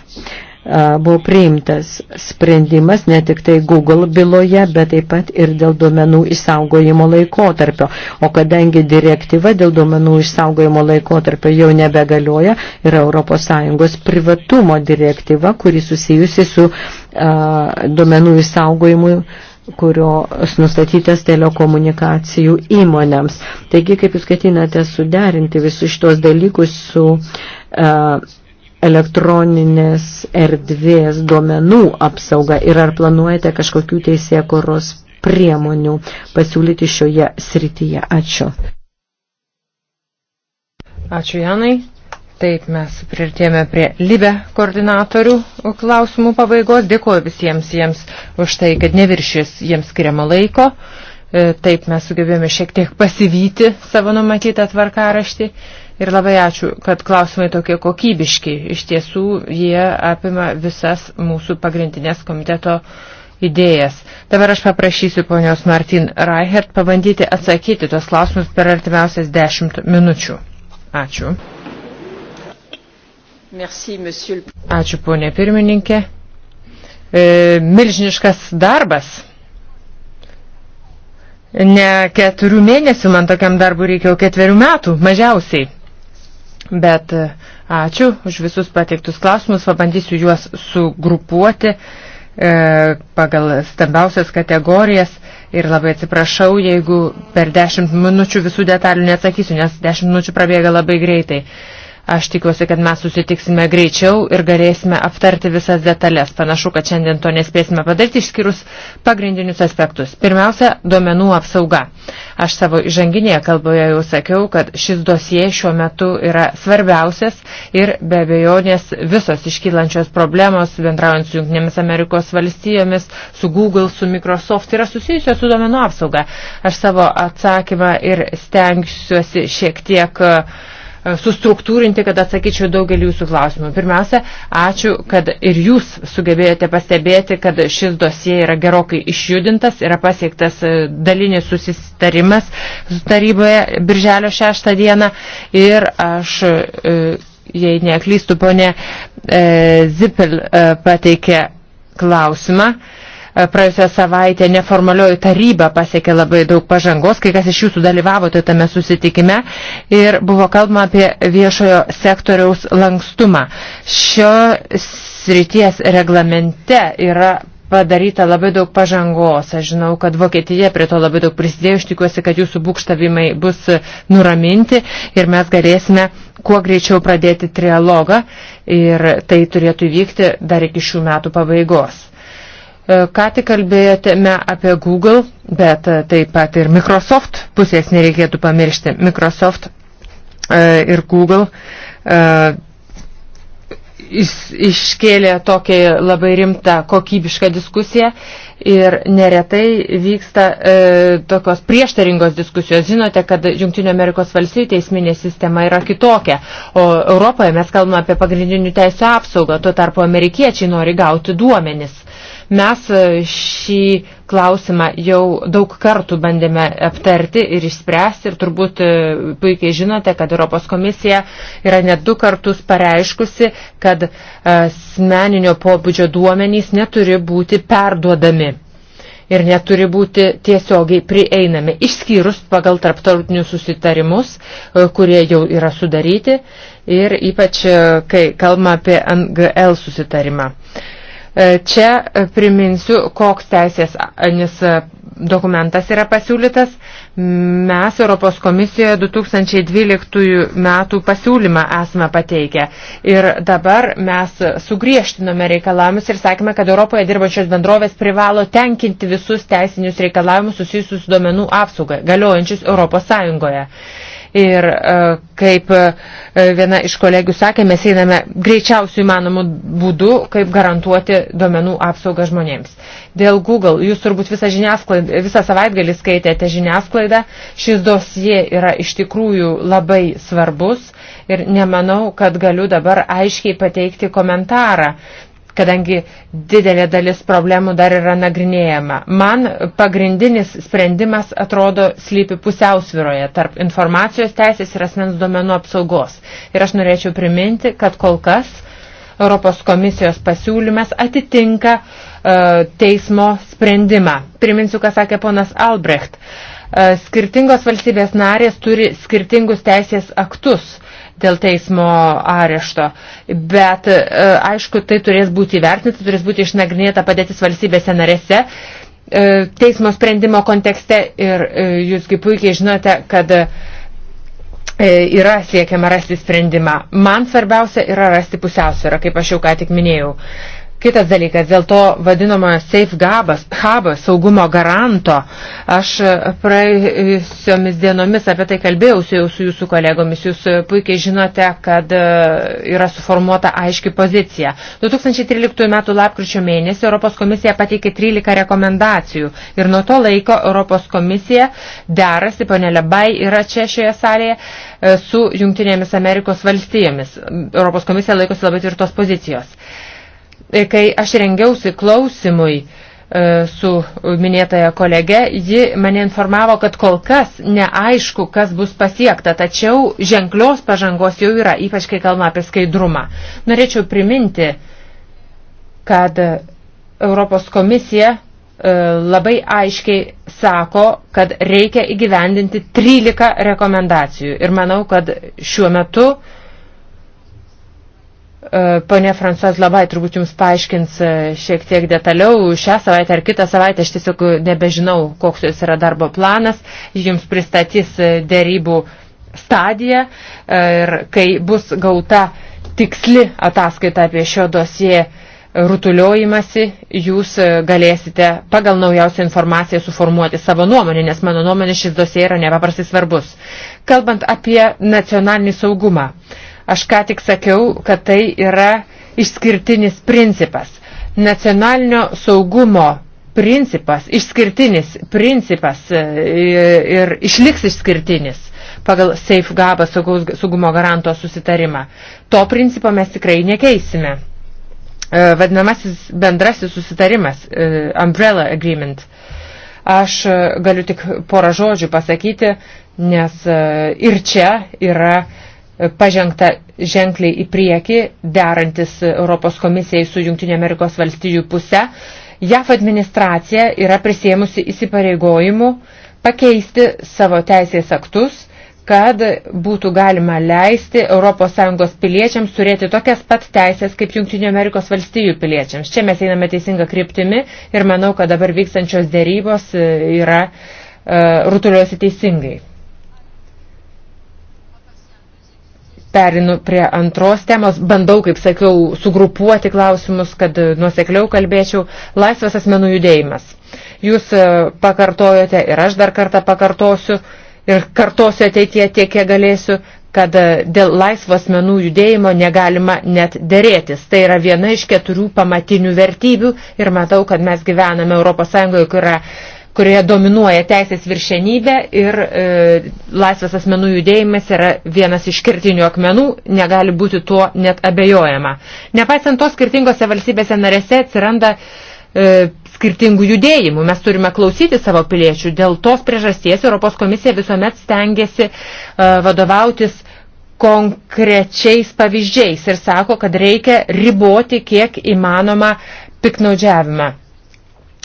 buvo priimtas sprendimas ne tik tai Google byloje, bet taip pat ir dėl duomenų išsaugojimo laikotarpio. O kadangi direktyva dėl duomenų išsaugojimo laikotarpio jau nebegalioja, yra ES privatumo direktyva, kuri susijusi su a, duomenų išsaugojimu kurios nustatytas telekomunikacijų įmonėms. Taigi, kaip jūs ketinate suderinti visus šitos dalykus su uh, elektroninės erdvės duomenų apsauga ir ar planuojate kažkokių teisėkoros priemonių pasiūlyti šioje srityje. Ačiū. Ačiū Janai. Taip, mes priartėjome prie Libe koordinatorių klausimų pabaigos. Dėkuoju visiems jiems už tai, kad neviršės jiems skiriama laiko. E, taip, mes sugebėjome šiek tiek pasivyti savo numatytą tvarkaraštį. Ir labai ačiū, kad klausimai tokie kokybiški. Iš tiesų, jie apima visas mūsų pagrindinės komiteto idėjas. Dabar aš paprašysiu ponios Martin Reichert pabandyti atsakyti tos klausimus per artimiausias dešimt minučių. Ačiū. Merci, monsieur. Ačiū, ponė pirmininkė. E, milžiniškas darbas. Ne keturių mėnesių man tokiam darbui reikia, o ketverių metų mažiausiai. Bet e, ačiū už visus pateiktus klausimus, pabandysiu juos sugrupuoti e, pagal stambiausias kategorijas ir labai atsiprašau, jeigu per 10 minučių visų detalių neatsakysiu, nes 10 minučių prabėga labai greitai. Aš tikiuosi, kad mes susitiksime greičiau ir galėsime aptarti visas detalės. Panašu, kad šiandien to nespėsime padaryti išskyrus pagrindinius aspektus. Pirmiausia, duomenų apsauga. Aš savo įžanginėje kalboje jau sakiau, kad šis dosie šiuo metu yra svarbiausias ir be abejonės visos iškylančios problemos bendraujant su Junktinėmis Amerikos valstijomis, su Google, su Microsoft yra susijusios su duomenų apsauga. Aš savo atsakymą ir stengsiuosi šiek tiek uh, E, sustruktūrinti, kad atsakyčiau daugelį jūsų klausimų. Pirmiausia, ačiū, kad ir jūs sugebėjote pastebėti, kad šis dosie yra gerokai išjudintas, yra pasiektas e, dalinis susitarimas taryboje birželio 6 dieną ir aš e, jei neklystų, ponė Zipel pateikė klausimą E, praėjusią savaitę neformalioji taryba pasiekė labai daug pažangos, kai kas iš jūsų dalyvavote tame susitikime ir buvo kalbama apie viešojo sektoriaus lankstumą. Šio srities reglamente yra padaryta labai daug pažangos. Aš žinau, kad Vokietija prie to labai daug prisidėjo. Aš tikiuosi, kad jūsų būkštavimai bus nuraminti ir mes galėsime kuo greičiau pradėti trialogą ir tai turėtų vykti dar iki šių metų pabaigos. E, ką tik kalbėjotėme apie Google, bet e, taip pat ir Microsoft pusės nereikėtų pamiršti. Microsoft e, ir Google iškėlė tokį labai rimtą kokybišką diskusiją ir neretai vyksta e, tokios prieštaringos diskusijos. Žinote, kad Junktinio Amerikos valstybių teisminė sistema yra kitokia, o Europoje mes kalbame apie pagrindinių teisų apsaugą, tuo tarpu amerikiečiai nori gauti duomenis. E, Mes e, šį klausimą jau daug kartų bandėme aptarti ir išspręsti ir turbūt e, puikiai žinote, kad Europos komisija yra net du kartus pareiškusi, kad e, asmeninio pobūdžio duomenys neturi būti perduodami ir neturi būti tiesiogiai prieinami, išskyrus pagal tarptautinius susitarimus, kurie jau yra sudaryti ir ypač, kai kalbame apie NGL susitarimą. E, čia e, priminsiu, koks teisės e, dokumentas yra pasiūlytas. Mes Europos komisijoje 2012 metų pasiūlymą esame pateikę. Ir dabar mes sugriežtinome reikalavimus ir sakėme, kad Europoje dirbančios bendrovės privalo tenkinti visus teisinius reikalavimus susijusius su duomenų apsauga, galiojančius Europos Sąjungoje. Ir e, kaip e, viena iš kolegių sakė, mes einame greičiausių įmanomų būdų, kaip garantuoti duomenų apsaugą žmonėms. Dėl Google, jūs turbūt visą, visą savaitgalį skaitėte žiniasklaidą, šis dosie yra iš tikrųjų labai svarbus ir nemanau, kad galiu dabar aiškiai pateikti komentarą kadangi didelė dalis problemų dar yra nagrinėjama. Man pagrindinis sprendimas atrodo slypi pusiausviroje tarp informacijos teisės ir asmens duomenų apsaugos. Ir aš norėčiau priminti, kad kol kas Europos komisijos pasiūlymas atitinka e, teismo sprendimą. Priminsiu, ką sakė ponas Albrecht. E, skirtingos valstybės narės turi skirtingus teisės aktus dėl teismo arešto. Bet, e, aišku, tai turės būti įvertinta, turės būti išnagrinėta padėtis valstybėse narėse e, teismo sprendimo kontekste ir e, jūsgi puikiai žinote, kad yra siekiama rasti sprendimą. Man svarbiausia yra rasti pusiausvyrą, kaip aš jau ką tik minėjau. Kitas dalykas, dėl to vadinamo safe gabas, hubas, saugumo garanto, aš praėjusiomis dienomis apie tai kalbėjausi jau su jūsų kolegomis, jūs puikiai žinote, kad e, yra suformuota aiški pozicija. 2013 m. lapkričio mėnesį Europos komisija pateikė 13 rekomendacijų ir nuo to laiko Europos komisija derasi, ponė Lebai yra čia šioje salėje, e, su Jungtinėmis Amerikos valstijomis. Europos komisija laikosi labai tvirtos pozicijos. E, kai aš rengiausi klausimui e, su minėtaja kolege, ji mane informavo, kad kol kas neaišku, kas bus pasiekta, tačiau ženklios pažangos jau yra, ypač kai kalbame apie skaidrumą. Norėčiau priminti, kad Europos komisija e, labai aiškiai sako, kad reikia įgyvendinti 13 rekomendacijų. Ir manau, kad šiuo metu uh, E, Pane Fransas labai turbūt jums paaiškins e, šiek tiek detaliau. Šią savaitę ar kitą savaitę aš tiesiog nebežinau, koks jos yra darbo planas. Jums pristatys e, dėrybų stadiją ir kai bus gauta tiksli ataskaita apie šio dosie rutuliojimasi, jūs galėsite pagal naujausią informaciją suformuoti savo nuomonę, nes mano nuomonė šis dosie yra nepaprastai svarbus. Kalbant apie nacionalinį saugumą. Uh, Aš ką tik sakiau, kad tai yra išskirtinis principas. Nacionalinio saugumo principas, išskirtinis principas e, ir išliks išskirtinis pagal Safe Gaba saugumo garanto susitarimą. To principo mes tikrai nekeisime. E, vadinamasis bendrasis susitarimas, e, Umbrella Agreement. Aš galiu tik porą žodžių pasakyti, nes ir čia yra uh, pažengta ženkliai į priekį, derantis Europos komisijai su Junktinio Amerikos valstijų puse. JAF administracija yra prisėmusi įsipareigojimų pakeisti savo teisės aktus, kad būtų galima leisti ES piliečiams turėti tokias pat teisės kaip Junktinio Amerikos valstijų piliečiams. Čia mes einame teisinga kryptimi ir manau, kad dabar vykstančios dėrybos e, yra uh, e, rutuliuosi teisingai. Perinu prie antros temos, bandau, kaip sakiau, sugrupuoti klausimus, kad e, nuosekliau kalbėčiau. Laisvas asmenų judėjimas. Jūs e, pakartojote ir aš dar kartą pakartosiu ir kartosiu ateitie tiek, kiek galėsiu, kad e, dėl laisvo asmenų judėjimo negalima net dėrėtis. Tai yra viena iš keturių pamatinių vertybių ir matau, kad mes gyvename Europos Sąjungoje, kur yra kurioje dominuoja teisės viršenybė ir e, laisvės asmenų judėjimas yra vienas iš kertinių akmenų, negali būti tuo net abejojama. Nepaisant to, skirtingose valstybėse narėse atsiranda e, skirtingų judėjimų. Mes turime klausyti savo piliečių. Dėl tos priežasties Europos komisija visuomet stengiasi e, vadovautis konkrečiais pavyzdžiais ir sako, kad reikia riboti kiek įmanoma piknaudžiavimą.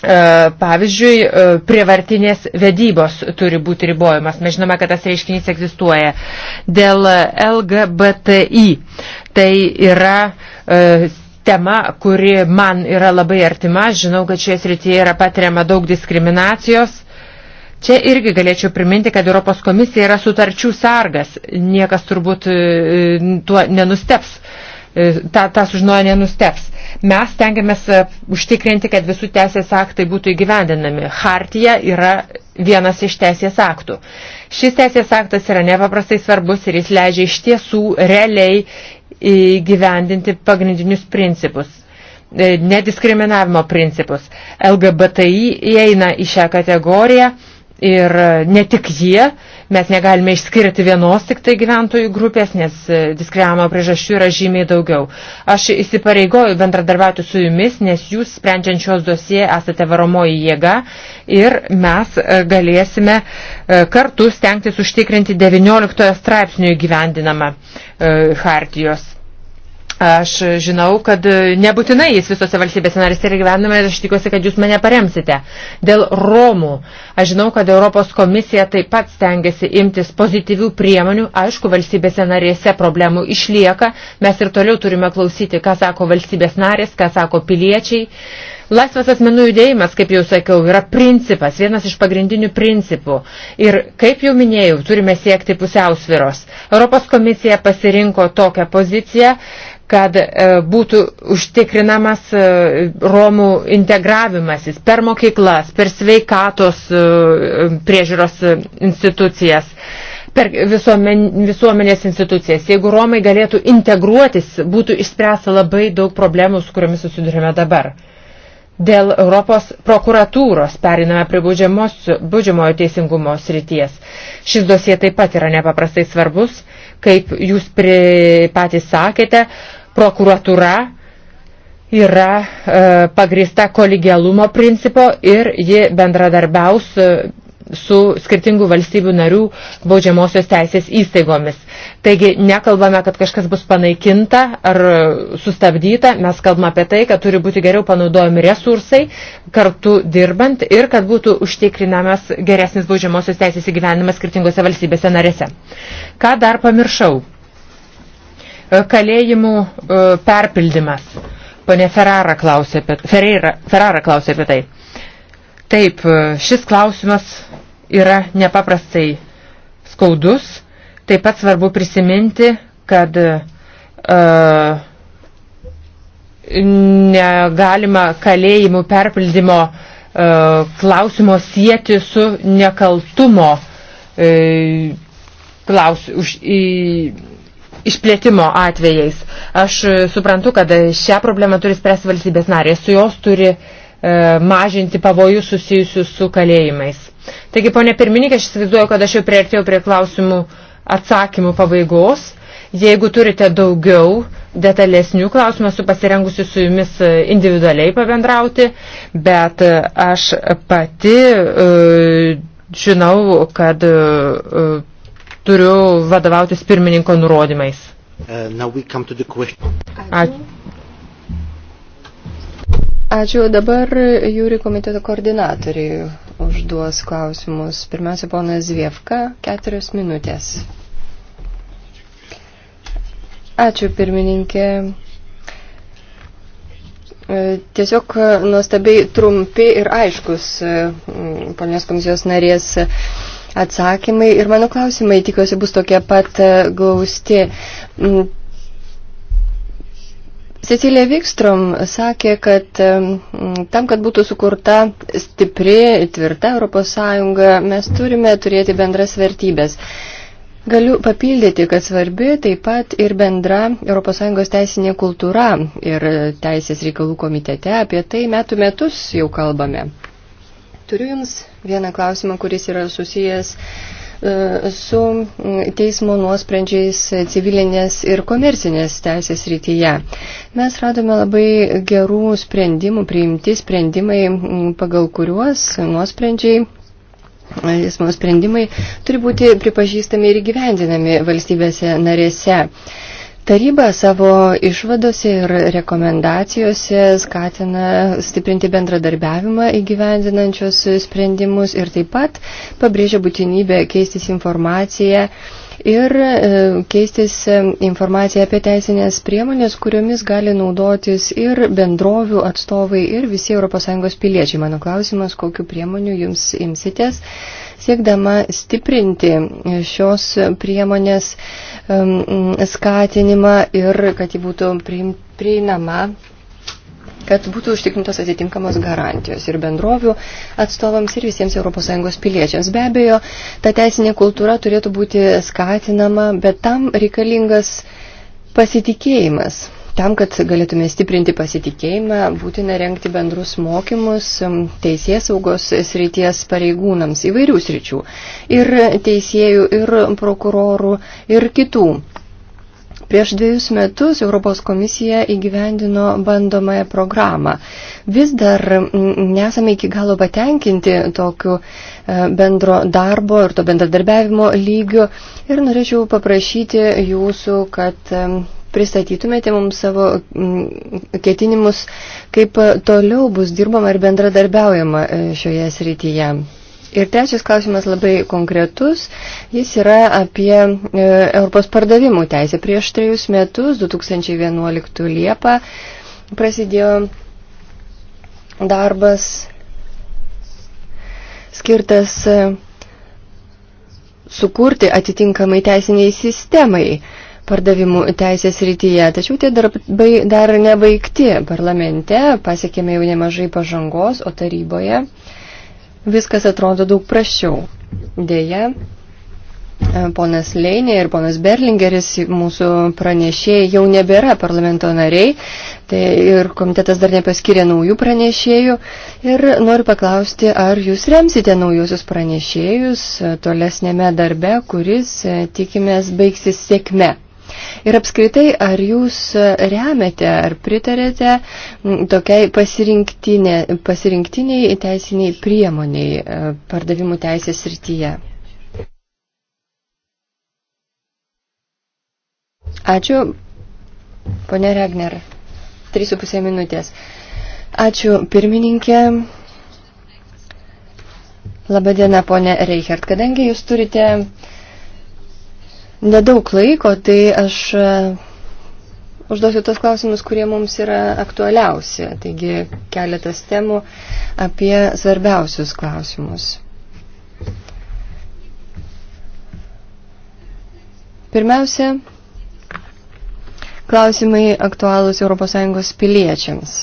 E, pavyzdžiui, e, prievartinės vedybos turi būti ribojamas. Mes žinome, kad tas reiškinys egzistuoja. Dėl LGBTI tai yra e, tema, kuri man yra labai artima. Žinau, kad šioje srityje yra patiriama daug diskriminacijos. Čia irgi galėčiau priminti, kad Europos komisija yra sutarčių sargas. Niekas turbūt tuo nenusteps E, tą, tą sužinoja nenusteps. Mes tengiamės e, užtikrinti, kad visų teisės aktai būtų įgyvendinami. Hartija yra vienas iš teisės aktų. Šis teisės aktas yra nepaprastai svarbus ir jis leidžia iš tiesų realiai įgyvendinti pagrindinius principus e, nediskriminavimo principus. LGBTI įeina į šią kategoriją ir ne tik jie, Mes negalime išskirti vienos tik tai gyventojų grupės, nes e, diskriminavimo priežasčių yra žymiai daugiau. Aš įsipareigoju bendradarbiauti su jumis, nes jūs sprendžiančios dosie esate varomoji jėga ir mes e, galėsime e, kartu stengtis užtikrinti 19 straipsnių įgyvendinamą hartijos Aš žinau, kad e, nebūtinai jis visose valstybėse narėse yra gyvenama ir aš tikiuosi, kad jūs mane paremsite. Dėl Romų. Aš žinau, kad Europos komisija taip pat stengiasi imtis pozityvių priemonių. Aišku, valstybėse narėse problemų išlieka. Mes ir toliau turime klausyti, ką sako valstybės narės, ką sako piliečiai. Laisvas asmenų judėjimas, kaip jau sakiau, yra principas, vienas iš pagrindinių principų. Ir, kaip jau minėjau, turime siekti pusiausviros. Europos komisija pasirinko tokią poziciją kad e, būtų užtikrinamas e, Romų integravimasis per mokyklas, per sveikatos e, priežiūros institucijas, per visuomen, visuomenės institucijas. Jeigu Romai galėtų integruotis, būtų išspręsta labai daug problemų, su kuriomis susidurime dabar. Dėl Europos prokuratūros periname prie baudžiamojo teisingumo srities. Šis dosie taip pat yra nepaprastai svarbus Kaip jūs pri, patys sakėte, prokuratūra yra e, pagrista kolegialumo principo ir ji bendradarbiaus e, su skirtingų valstybių narių baudžiamosios teisės įstaigomis. Taigi nekalbame, kad kažkas bus panaikinta ar sustabdyta, mes kalbame apie tai, kad turi būti geriau panaudojami resursai kartu dirbant ir kad būtų užtikrinamas geresnis baudžiamosios teisės įgyvenimas skirtingose valstybėse narėse. Ką dar pamiršau? E, kalėjimų e, perpildymas. Pone Ferrara klausė apie, Ferreira, Ferrara klausė apie tai. Taip, šis klausimas yra nepaprastai skaudus. Taip pat svarbu prisiminti, kad uh, negalima kalėjimų perpildymo uh, klausimo sieti su nekaltumo uh, klaus, už, į, išplėtimo atvejais. Aš suprantu, kad šią problemą turi spręsti valstybės narės, su jos turi uh, E, mažinti pavojus susijusius su kalėjimais. Taigi, ponė pirmininkė, aš įsivaizduoju, kad aš jau prieartėjau prie klausimų atsakymų pabaigos. Jeigu turite daugiau detalesnių klausimų, esu pasirengusi su jumis individualiai pabendrauti, bet aš pati uh, žinau, kad uh, turiu vadovautis pirmininko nurodymais. Uh, Ačiū. Ačiū. Dabar jūri komiteto koordinatoriai užduos klausimus. Pirmiausia, ponas Zviefka, keturios minutės. Ačiū, pirmininkė. E, tiesiog nuostabiai trumpi ir aiškus e, ponios komisijos narės atsakymai ir mano klausimai tikiuosi bus tokie pat e, glausti. Mm, Cecilija Vikstrom sakė, kad tam, kad būtų sukurta stipri, tvirta Europos Sąjunga, mes turime turėti bendras vertybės. Galiu papildyti, kad svarbi taip pat ir bendra ES teisinė kultūra ir Teisės reikalų komitete apie tai metų metus jau kalbame. Turiu Jums vieną klausimą, kuris yra susijęs E, su teismo nuosprendžiais civilinės ir komercinės teisės rytyje. Mes radome labai gerų sprendimų, priimti sprendimai, pagal kuriuos nuosprendžiai teismo sprendimai turi būti pripažįstami ir gyvendinami valstybėse narėse. Taryba savo išvadose ir rekomendacijose skatina stiprinti bendradarbiavimą įgyvendinančios sprendimus ir taip pat pabrėžia būtinybę keistis informaciją ir e, keistis e, informaciją apie teisinės priemonės, kuriomis gali naudotis ir bendrovių atstovai, ir visi ES piliečiai. Mano klausimas, kokiu priemoniu jums imsitės, siekdama stiprinti šios priemonės skatinimą ir kad ji būtų prieinama kad būtų užtikrintos atitinkamos garantijos ir bendrovių atstovams ir visiems ES piliečiams. Be abejo, ta teisinė kultūra turėtų būti skatinama, bet tam reikalingas pasitikėjimas. Tam, kad galėtume stiprinti pasitikėjimą, būtina renkti bendrus mokymus teisės saugos srities pareigūnams įvairių sričių ir teisėjų, ir prokurorų, ir kitų. Prieš dviejus metus Europos komisija įgyvendino bandomąją programą. Vis dar mm, nesame iki galo patenkinti tokiu e, bendro darbo ir to bendradarbiavimo lygiu ir norėčiau paprašyti jūsų, kad e, pristatytumėte mums savo mm, ketinimus, kaip toliau bus dirbama ir bendradarbiaujama e, šioje srityje. Ir trečias klausimas labai konkretus. Jis yra apie e, Europos pardavimų teisę. Prieš trejus metus, 2011 Liepą, prasidėjo darbas skirtas e, sukurti atitinkamai teisiniai sistemai pardavimų teisės rytyje. Tačiau tie darbai dar nebaigti parlamente, pasiekėme jau nemažai pažangos, o taryboje viskas atrodo daug prašiau. Deja, e, ponas Leinė ir ponas Berlingeris, mūsų pranešėjai, jau nebėra parlamento nariai, tai ir komitetas dar nepaskiria naujų pranešėjų. Ir noriu paklausti, ar jūs remsite naujosius pranešėjus tolesnėme darbe, kuris, e, tikimės, baigsis sėkme. Ir apskritai, ar jūs remiate, ar pritarėte tokiai pasirinktiniai teisiniai priemoniai e, pardavimų teisės rytyje? Ačiū, ponė Regner. 3,5 minutės. Ačiū, pirmininkė. Labadiena, ponė Reichert. Kadangi jūs turite uh, nedaug laiko, tai aš e, užduosiu tos klausimus, kurie mums yra aktualiausi. Taigi keletas temų apie svarbiausius klausimus. Pirmiausia, klausimai aktualūs ES piliečiams.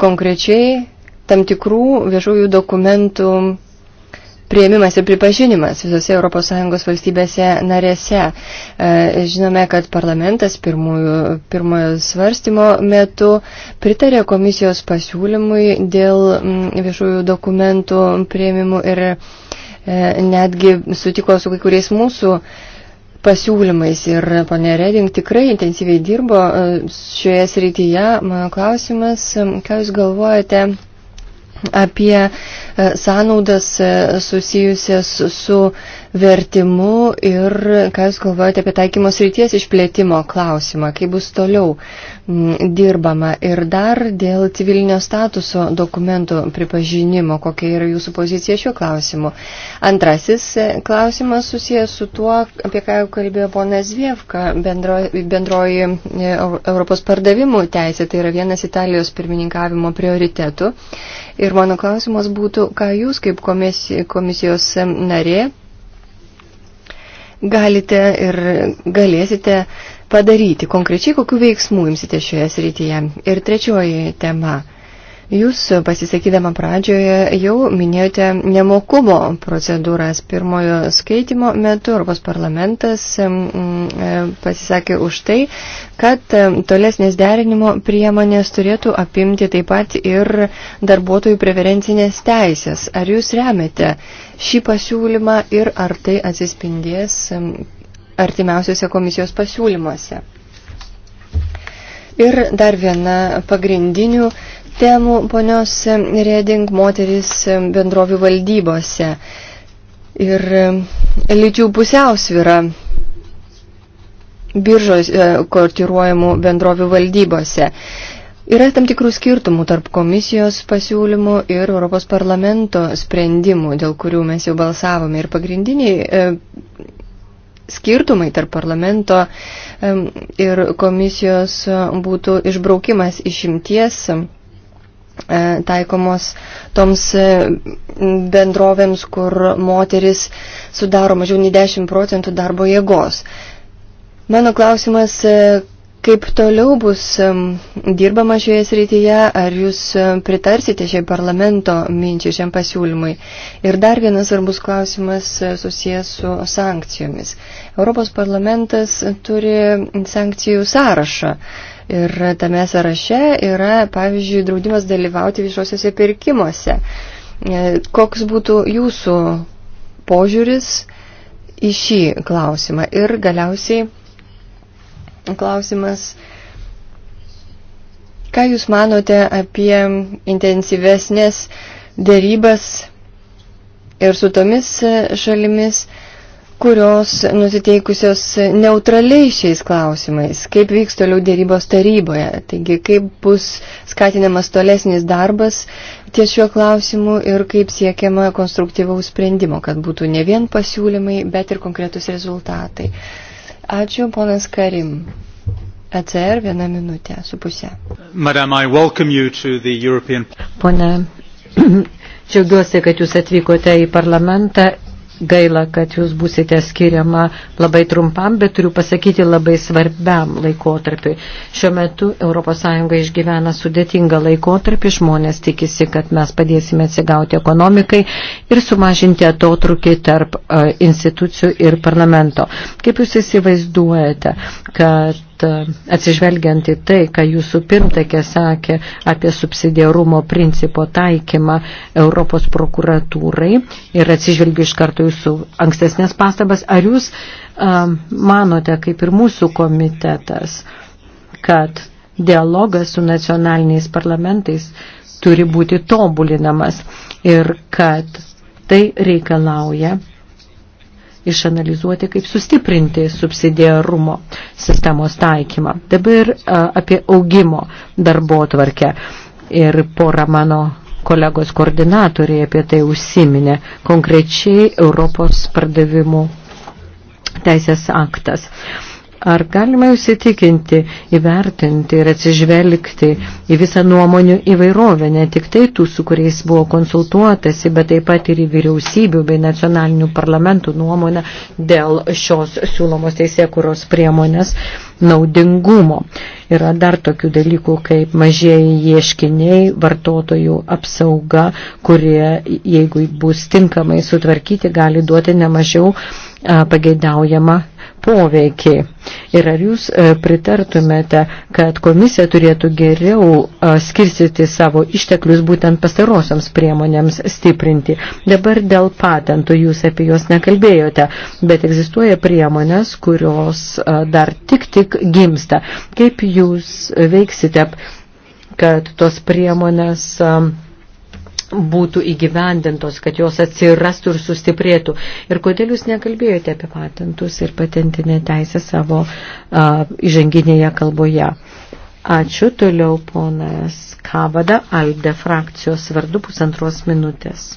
Konkrečiai tam tikrų viešųjų dokumentų prieimimas ir pripažinimas visose ES valstybėse narėse. E, žinome, kad parlamentas pirmųjų, pirmojo svarstymo metu pritarė komisijos pasiūlymui dėl viešųjų dokumentų prieimimų ir e, netgi sutiko su kai kuriais mūsų pasiūlymais ir ponė Reding tikrai intensyviai dirbo e, šioje srityje. Mano klausimas, ką Jūs galvojate apie e, sąnaudas e, susijusias su vertimu ir ką Jūs galvojate apie taikymos ryties išplėtimo klausimą, kaip bus toliau. Mm, dirbama. Ir dar dėl civilinio statuso dokumentų pripažinimo, kokia yra jūsų pozicija šiuo klausimu. Antrasis e, klausimas susijęs su tuo, apie ką jau kalbėjo ponas Zvievka, bendro, bendroji e, Europos pardavimų teisė, tai yra vienas Italijos pirmininkavimo prioritetų. Ir mano klausimas būtų, ką jūs kaip komisijos narė galite ir galėsite padaryti, konkrečiai kokiu veiksmu imsite šioje srityje. Ir trečioji tema. Jūs pasisakydama pradžioje jau minėjote nemokumo procedūras pirmojo skaitimo metu. Europos parlamentas mm, e, pasisakė už tai, kad e, tolesnės derinimo priemonės turėtų apimti taip pat ir darbuotojų preferencinės teisės. Ar jūs remiate šį pasiūlymą ir ar tai atsispindės mm, artimiausiuose komisijos pasiūlymuose. Ir dar viena pagrindinių temų ponios Reding moteris bendrovių valdybose ir lyčių pusiausvyra biržos e, kortiruojamų bendrovių valdybose. Yra tam tikrų skirtumų tarp komisijos pasiūlymų ir Europos parlamento sprendimų, dėl kurių mes jau balsavome. Ir pagrindiniai e, skirtumai tarp parlamento ir komisijos būtų išbraukimas išimties e, taikomos toms e, bendrovėms, kur moteris sudaro mažiau nei 10 procentų darbo jėgos. Mano klausimas, e, Kaip toliau bus dirbama šioje srityje, ar jūs pritarsite šiai parlamento minčiai šiam pasiūlymui? Ir dar vienas svarbus klausimas e, susijęs su sankcijomis. Europos parlamentas turi sankcijų sąrašą. Ir tame sąraše yra, pavyzdžiui, draudimas dalyvauti viešuosiuose pirkimuose. E, koks būtų jūsų požiūris į šį klausimą? Ir galiausiai klausimas. Ką Jūs manote apie intensyvesnės dėrybas ir su tomis šalimis, kurios nusiteikusios neutraliai šiais klausimais? Kaip vyks toliau dėrybos taryboje? Taigi, kaip bus skatinamas tolesnis darbas ties šiuo klausimu ir kaip siekiama konstruktyvaus sprendimo, kad būtų ne vien pasiūlymai, bet ir konkretus rezultatai? Uh, Ačiū, ponas Karim. ACR e vieną minutę su pusė. Madam, I welcome you to the European... Pone, džiaugiuosi, kad jūs atvykote į parlamentą Gaila, kad jūs būsite skiriama labai trumpam, bet turiu pasakyti labai svarbiam laikotarpiui. Šiuo metu ES išgyvena sudėtingą laikotarpį, žmonės tikisi, kad mes padėsime atsigauti ekonomikai ir sumažinti atotrukį tarp e, institucijų ir parlamento. Kaip jūs įsivaizduojate, kad kad e, atsižvelgiant į tai, ką jūsų pirmtakė sakė apie subsidiarumo principo taikymą Europos prokuratūrai ir atsižvelgiu iš karto jūsų ankstesnės pastabas, ar jūs um, manote, kaip ir mūsų komitetas, kad dialogas su nacionaliniais parlamentais turi būti tobulinamas ir kad tai reikalauja išanalizuoti, kaip sustiprinti subsidiarumo sistemos taikymą. Dabar apie augimo darbo tvarkę ir pora mano kolegos koordinatoriai apie tai užsiminė, konkrečiai Europos pardavimų teisės aktas. Uh, Ar galima įsitikinti, įvertinti ir atsižvelgti į visą nuomonių įvairovę, ne tik tai tų, su kuriais buvo konsultuotasi, bet taip pat ir į vyriausybių bei nacionalinių parlamentų nuomonę dėl šios siūlomos teisėkuros priemonės naudingumo. Yra dar tokių dalykų kaip mažieji ieškiniai, vartotojų apsauga, kurie, jeigu bus tinkamai sutvarkyti, gali duoti nemažiau pageidaujamą poveikį. Ir ar jūs e, pritartumėte, kad komisija turėtų geriau e, skirstyti savo išteklius būtent pastarosiams priemonėms stiprinti? Dabar dėl patentų jūs apie juos nekalbėjote, bet egzistuoja priemonės, kurios e, dar tik tik gimsta. Kaip jūs veiksite, kad tos priemonės būtų įgyvendintos, kad jos atsirastų ir sustiprėtų. Ir kodėl jūs nekalbėjote apie patentus ir patentinę teisę savo uh, įžanginėje kalboje? Ačiū toliau ponas Kavada, Alde frakcijos vardu pusantros minutės.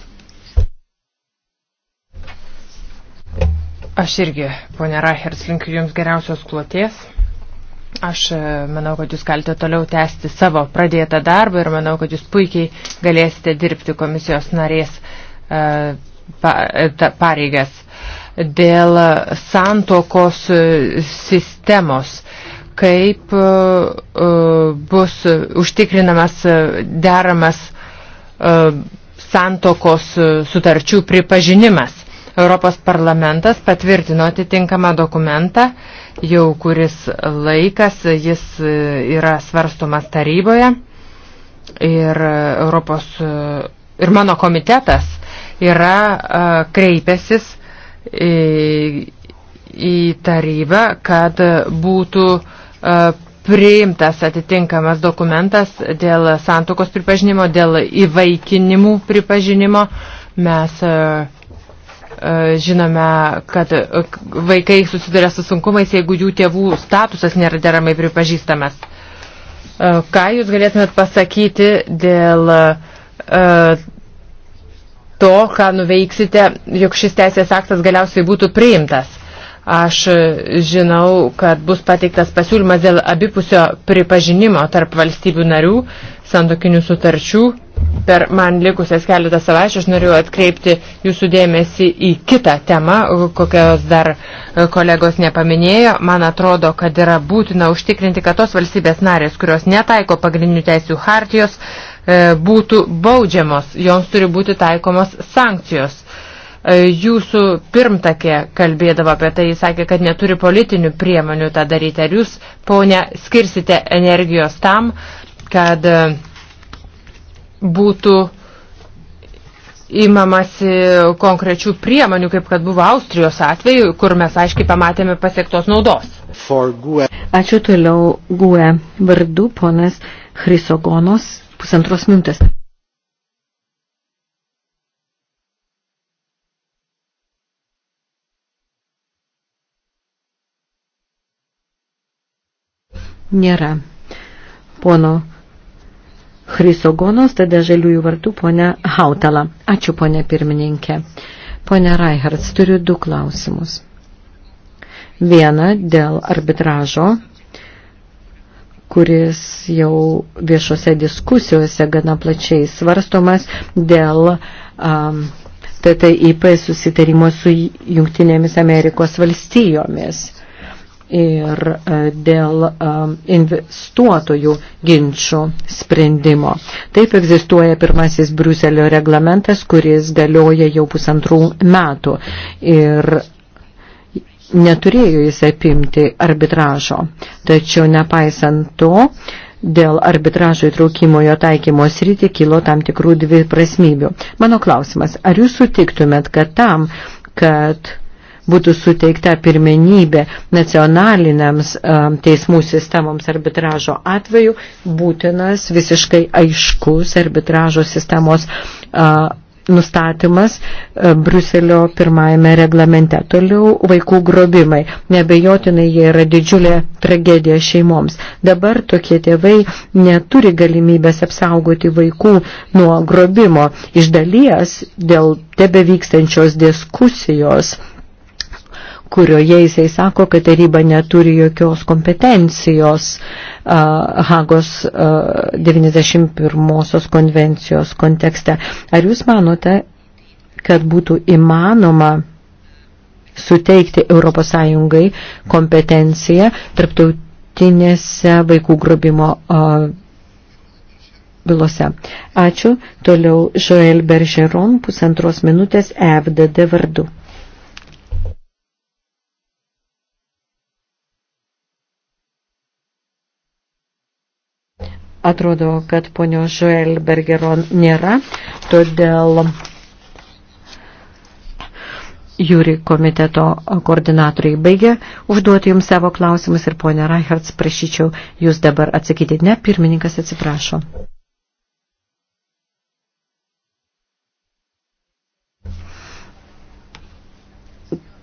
Aš irgi, ponia Racherts, linkiu Jums geriausios kloties. Aš e, manau, kad jūs galite toliau tęsti savo pradėtą darbą ir manau, kad jūs puikiai galėsite dirbti komisijos narės e, e, pareigas. Dėl santokos sistemos, kaip bus užtikrinamas deramas santokos sutarčių pripažinimas. Europos parlamentas patvirtino atitinkamą dokumentą, jau kuris laikas, jis yra svarstomas taryboje ir Europos ir mano komitetas yra kreipęsis į, į tarybą, kad būtų priimtas atitinkamas dokumentas dėl santokos pripažinimo, dėl įvaikinimų pripažinimo. Mes uh, E, žinome, kad e, vaikai susiduria su sunkumais, jeigu jų tėvų statusas nėra deramai pripažįstamas. E, ką jūs galėtumėt pasakyti dėl to, ką nuveiksite, jog šis teisės aktas galiausiai būtų priimtas? Aš žinau, kad bus pateiktas pasiūlymas dėl abipusio pripažinimo tarp valstybių narių, santokinių sutarčių per man likusias keletą savaičių aš noriu atkreipti jūsų dėmesį į kitą temą, kokios dar e, kolegos nepaminėjo. Man atrodo, kad yra būtina užtikrinti, kad tos valstybės narės, kurios netaiko pagrindinių teisių hartijos, e, būtų baudžiamos, joms turi būti taikomos sankcijos. E, jūsų pirmtakė kalbėdavo apie tai, jis sakė, kad neturi politinių priemonių tą daryti. Ar jūs, ponia, skirsite energijos tam, kad uh, būtų įmamasi konkrečių priemonių, kaip kad buvo Austrijos atveju, kur mes aiškiai pamatėme pasiektos naudos. Ačiū toliau GUE vardu ponas Chrysogonos pusantros minutės. Nėra pono Chrysogonos, tada žaliųjų vardų ponia Hautala. Ačiū ponia pirmininkė. Pone Raihards, turiu du klausimus. Viena dėl arbitražo, kuris jau viešose diskusijose gana plačiai svarstomas dėl um, TTIP susitarimo su Jungtinėmis Amerikos valstijomis ir e, dėl e, investuotojų ginčių sprendimo. Taip egzistuoja pirmasis Briuselio reglamentas, kuris galioja jau pusantrų metų ir neturėjo jis apimti arbitražo. Tačiau nepaisant to, dėl arbitražo įtraukimo jo taikymo sritį kilo tam tikrų dvi prasmybių. Mano klausimas, ar jūs sutiktumėt, kad tam, kad būtų suteikta pirmenybė nacionaliniams um, teismų sistemoms arbitražo atveju, būtinas visiškai aiškus arbitražo sistemos uh, nustatymas uh, Bruselio pirmajame reglamente. Toliau vaikų grobimai. Nebejotinai jie yra didžiulė tragedija šeimoms. Dabar tokie tėvai neturi galimybės apsaugoti vaikų nuo grobimo. Iš dalies dėl tebe vykstančios diskusijos kurioje jisai sako, kad taryba neturi jokios kompetencijos uh, Hagos uh, 91 konvencijos kontekste. Ar jūs manote, kad būtų įmanoma suteikti Europos Sąjungai kompetenciją tarptautinėse vaikų grobimo uh, bylose. Ačiū. Toliau Joel Bergeron pusantros minutės FDD vardu. Atrodo, kad ponio Joel Bergeron nėra, todėl Jūri komiteto koordinatoriai baigė užduoti jums savo klausimus ir ponė Reichertz, prašyčiau jūs dabar atsakyti. Ne, pirmininkas atsiprašo.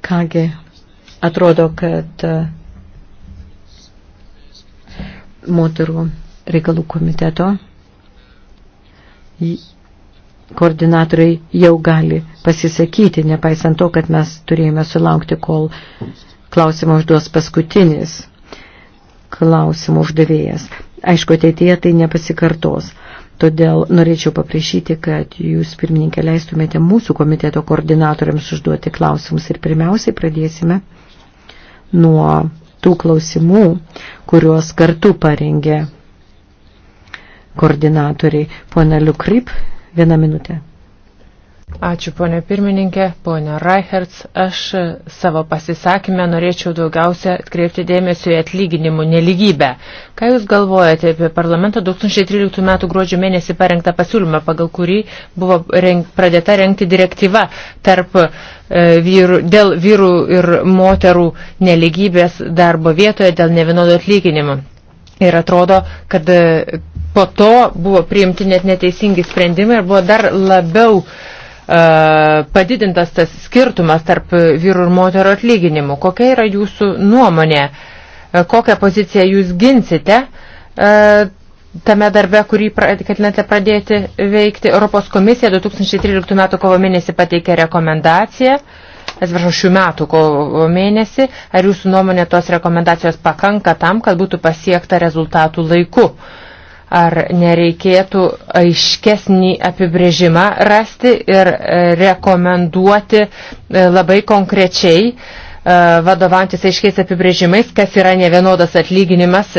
Kągi, atrodo, kad e, moterų reikalų komiteto koordinatoriai jau gali pasisakyti, nepaisant to, kad mes turėjome sulaukti, kol klausimą užduos paskutinis klausimų uždavėjas. Aišku, ateityje tai nepasikartos. Todėl norėčiau paprašyti, kad jūs, pirmininkė, leistumėte mūsų komiteto koordinatoriams užduoti klausimus. Ir pirmiausiai pradėsime nuo tų klausimų, kuriuos kartu parengė koordinatoriai. Pone Liukryp, vieną minutę. Ačiū, ponė pirmininkė, ponė Reichertz. Aš savo pasisakymę norėčiau daugiausia atkreipti dėmesio į atlyginimų neligybę. Ką Jūs galvojate apie parlamento 2013 m. gruodžio mėnesį parengtą pasiūlymą, pagal kurį buvo renk, pradėta renkti direktyva tarp, e, vyrų, dėl vyrų ir moterų neligybės darbo vietoje dėl nevienodo atlyginimo? Ir atrodo, kad e, po to buvo priimti net neteisingi sprendimai ir buvo dar labiau uh, padidintas tas skirtumas tarp vyrų ir moterų atlyginimų. Kokia yra jūsų nuomonė? E, kokią poziciją jūs ginsite uh, tame darbe, kurį ketinate pradėti veikti? Europos komisija 2013 m. kovo mėnesį pateikė rekomendaciją atsiprašau, šių metų kovo mėnesį, ar jūsų nuomonė tos rekomendacijos pakanka tam, kad būtų pasiekta rezultatų laiku? Uh, Ar nereikėtų aiškesnį apibrėžimą rasti ir e, rekomenduoti e, labai konkrečiai, e, vadovantis aiškiais apibrėžimais, kas yra nevienodas atlyginimas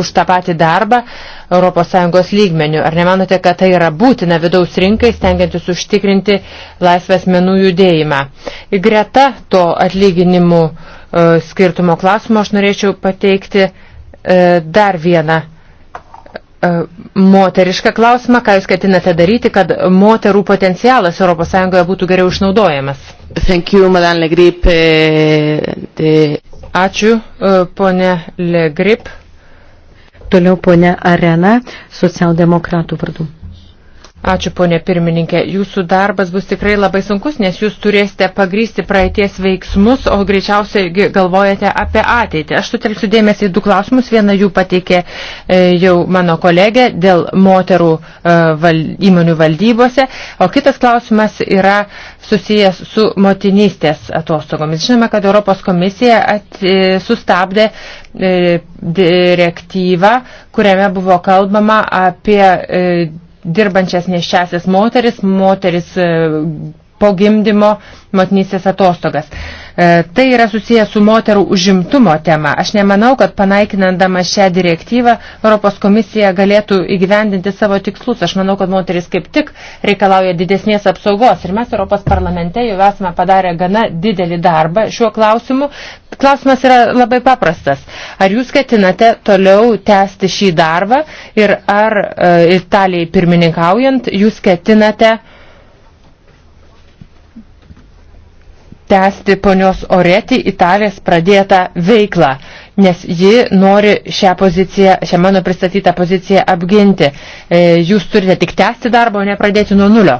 už tą patį darbą ES lygmenių. Ar nemanote, kad tai yra būtina vidaus rinkai, stengiantis užtikrinti laisvės menų judėjimą? Greta to atlyginimų skirtumo klausimo aš norėčiau pateikti dar vieną E, moterišką klausimą, ką jūs ketinate daryti, kad moterų potencialas ES būtų geriau išnaudojamas. Thank you, Madame Le Grip. Eh, de... Ačiū, e, ponė Le Grip. Toliau ponė Arena, socialdemokratų vardu. Ačiū, ponė pirmininkė. Jūsų darbas bus tikrai labai sunkus, nes jūs turėsite pagrysti praeities veiksmus, o greičiausiai galvojate apie ateitį. Aš sutelksiu dėmesį į du klausimus. Vieną jų pateikė e, jau mano kolegė dėl moterų e, val, įmonių valdybose, o kitas klausimas yra susijęs su motinystės atostogomis. Žinome, kad Europos komisija at, e, sustabdė direktyvą, kuriame buvo kalbama apie dirbančias neščiasias moteris, moteris e, po gimdymo motinysės atostogas. E, tai yra susijęs su moterų užimtumo tema. Aš nemanau, kad panaikinandama šią direktyvą Europos komisija galėtų įgyvendinti savo tikslus. Aš manau, kad moteris kaip tik reikalauja didesnės apsaugos. Ir mes Europos parlamente jau esame padarę gana didelį darbą šiuo klausimu. Klausimas yra labai paprastas. Ar jūs ketinate toliau tęsti šį darbą ir ar e, Italijai pirmininkaujant jūs ketinate e, tęsti ponios Oreti Italės pradėtą veiklą, nes ji nori šią poziciją, šią mano pristatytą poziciją apginti. E, jūs turite tik tęsti darbą, o ne pradėti nuo nulio.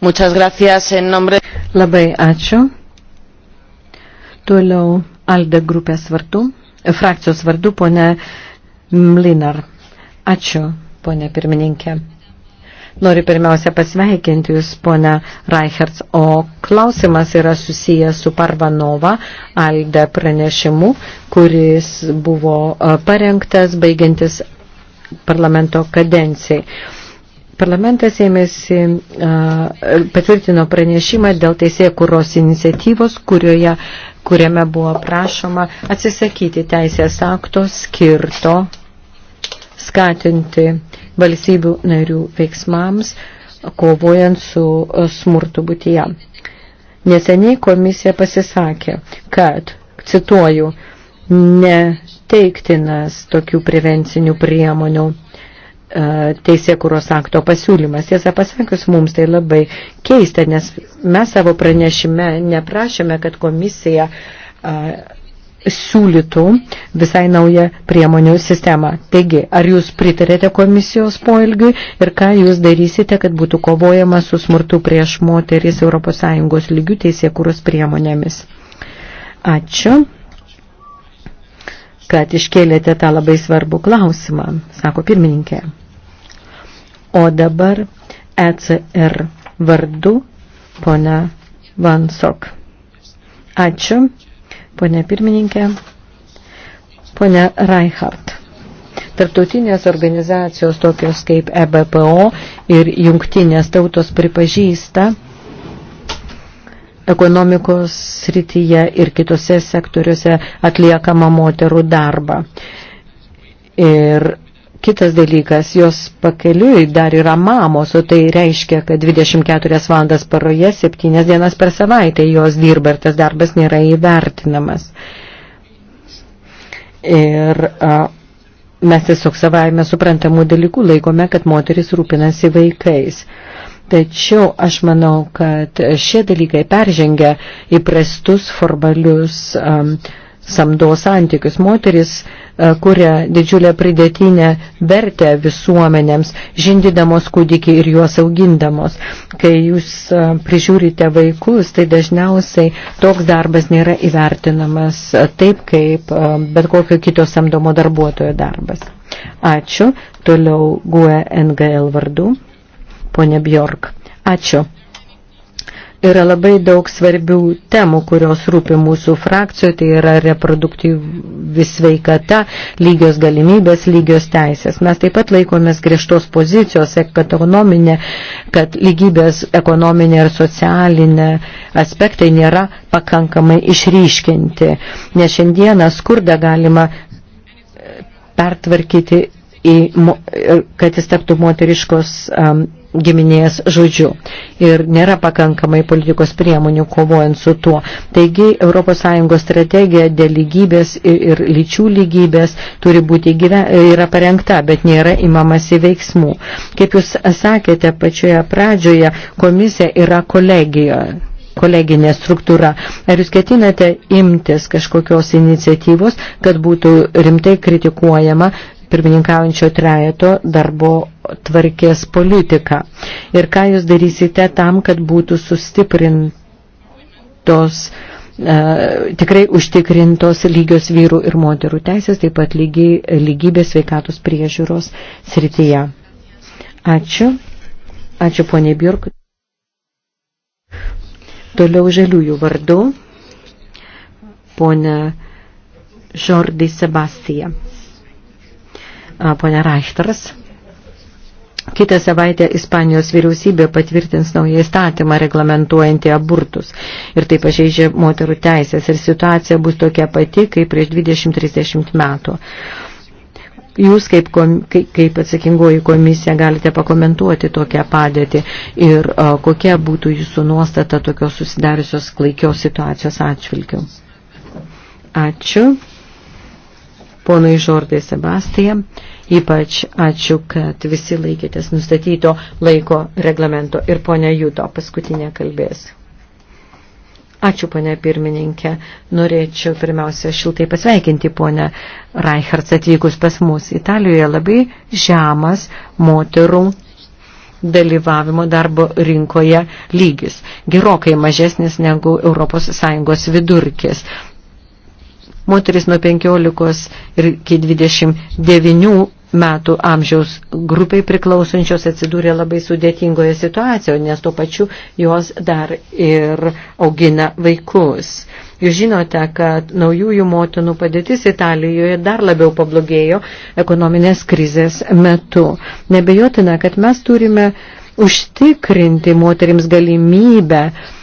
Muchas gracias en nombre. Labai ačiū. Toliau Alde grupės vardu, e, frakcijos vardu, ponė Mlinar. Ačiū, ponė pirmininkė. Noriu pirmiausia pasveikinti Jūs, ponia Reichertz, o klausimas yra susijęs su Parvanova Alde pranešimu, kuris buvo e, parengtas baigiantis parlamento kadencijai. Parlamentas ėmėsi, e, patvirtino pranešimą dėl teisėjų kuros iniciatyvos, kurioje, kuriame buvo prašoma atsisakyti teisės akto skirto skatinti valstybių narių veiksmams, kovojant su e, smurtu būtyje. Neseniai komisija pasisakė, kad, cituoju, neteiktinas tokių prevencinių priemonių e, teisėkuros akto pasiūlymas. Tiesą pasakius, mums tai labai keista, nes mes savo pranešime neprašėme, kad komisija uh, siūlytų visai naują priemonių sistemą. Taigi, ar jūs pritarėte komisijos poilgiui ir ką jūs darysite, kad būtų kovojama su smurtu prieš moteris ES lygių teisėkūros priemonėmis? Ačiū kad iškėlėte tą labai svarbų klausimą, sako pirmininkė. O dabar ECR vardu pona Vansok. Ačiū ponė pirmininkė, ponė Reichardt. Tarptautinės organizacijos tokios kaip EBPO ir jungtinės tautos pripažįsta ekonomikos srityje ir kitose sektoriuose atliekamą moterų darbą. Ir Kitas dalykas, jos pakeliui dar yra mamos, o tai reiškia, kad 24 valandas paroje, 7 dienas per savaitę jos dirba ir tas darbas nėra įvertinamas. Ir a, mes tiesiog savaime suprantamų dalykų laikome, kad moteris rūpinasi vaikais. Tačiau aš manau, kad šie dalykai peržengia įprastus formalius um, samdos santykius. Moteris e, kuria didžiulę pridėtinę vertę visuomenėms, žindydamos kūdikį ir juos augindamos. Kai jūs e, prižiūrite vaikus, tai dažniausiai toks darbas nėra įvertinamas e, taip, kaip bet kokio kito samdomo darbuotojo darbas. Ačiū. Toliau GUE NGL vardu. Pone Bjork. Ačiū yra labai daug svarbių temų, kurios rūpi mūsų frakcijoje, tai yra reproduktyvi sveikata, lygios galimybės, lygios teisės. Mes taip pat laikomės griežtos pozicijos, kad, ekonominė, kad lygybės ekonominė ir socialinė aspektai nėra pakankamai išryškinti, nes šiandieną skurdą galima pertvarkyti į, kad jis taptų moteriškos um, giminės žodžiu. Ir nėra pakankamai politikos priemonių kovojant su tuo. Taigi ES strategija dėl lygybės ir, ir lyčių lygybės turi būti gyve, yra parengta, bet nėra imamasi veiksmų. Kaip jūs sakėte pačioje pradžioje, komisija yra kolegijoje koleginė struktūra. Ar jūs ketinate imtis kažkokios iniciatyvos, kad būtų rimtai kritikuojama pirmininkaujančio trejeto darbo tvarkės politiką. Ir ką jūs darysite tam, kad būtų sustiprintos, e, tikrai užtikrintos lygios vyrų ir moterų teisės, taip pat lygi, lygybės sveikatos priežiūros srityje. Ačiū. Ačiū, ponė Bjork. Toliau žaliųjų vardu, ponė Žordi Sebastija ponia Reichters. Kitą savaitę Ispanijos vyriausybė patvirtins naują įstatymą reglamentuojantį aburtus. Ir tai pažeidžia moterų teisės. Ir situacija bus tokia pati, kaip prieš 20-30 metų. Jūs kaip, kaip atsakingoji komisija galite pakomentuoti tokią padėtį ir a, kokia būtų jūsų nuostata tokios susidariusios klaikios situacijos atšvilgių. Ačiū ponui Žordai Sebastija. Ypač ačiū, kad visi laikėtės nustatyto laiko reglamento ir ponia Judo paskutinė kalbės. Ačiū, ponia pirmininkė. Norėčiau pirmiausia šiltai pasveikinti ponę Reichertz atvykus pas mus. Italijoje labai žemas moterų dalyvavimo darbo rinkoje lygis, gerokai mažesnis negu ES vidurkis moteris nuo 15 ir iki 29 metų amžiaus grupiai priklausančios atsidūrė labai sudėtingoje situacijoje, nes tuo pačiu jos dar ir augina vaikus. Jūs žinote, kad naujųjų motinų padėtis Italijoje dar labiau pablogėjo ekonominės krizės metu. Nebejotina, kad mes turime užtikrinti moterims galimybę uh,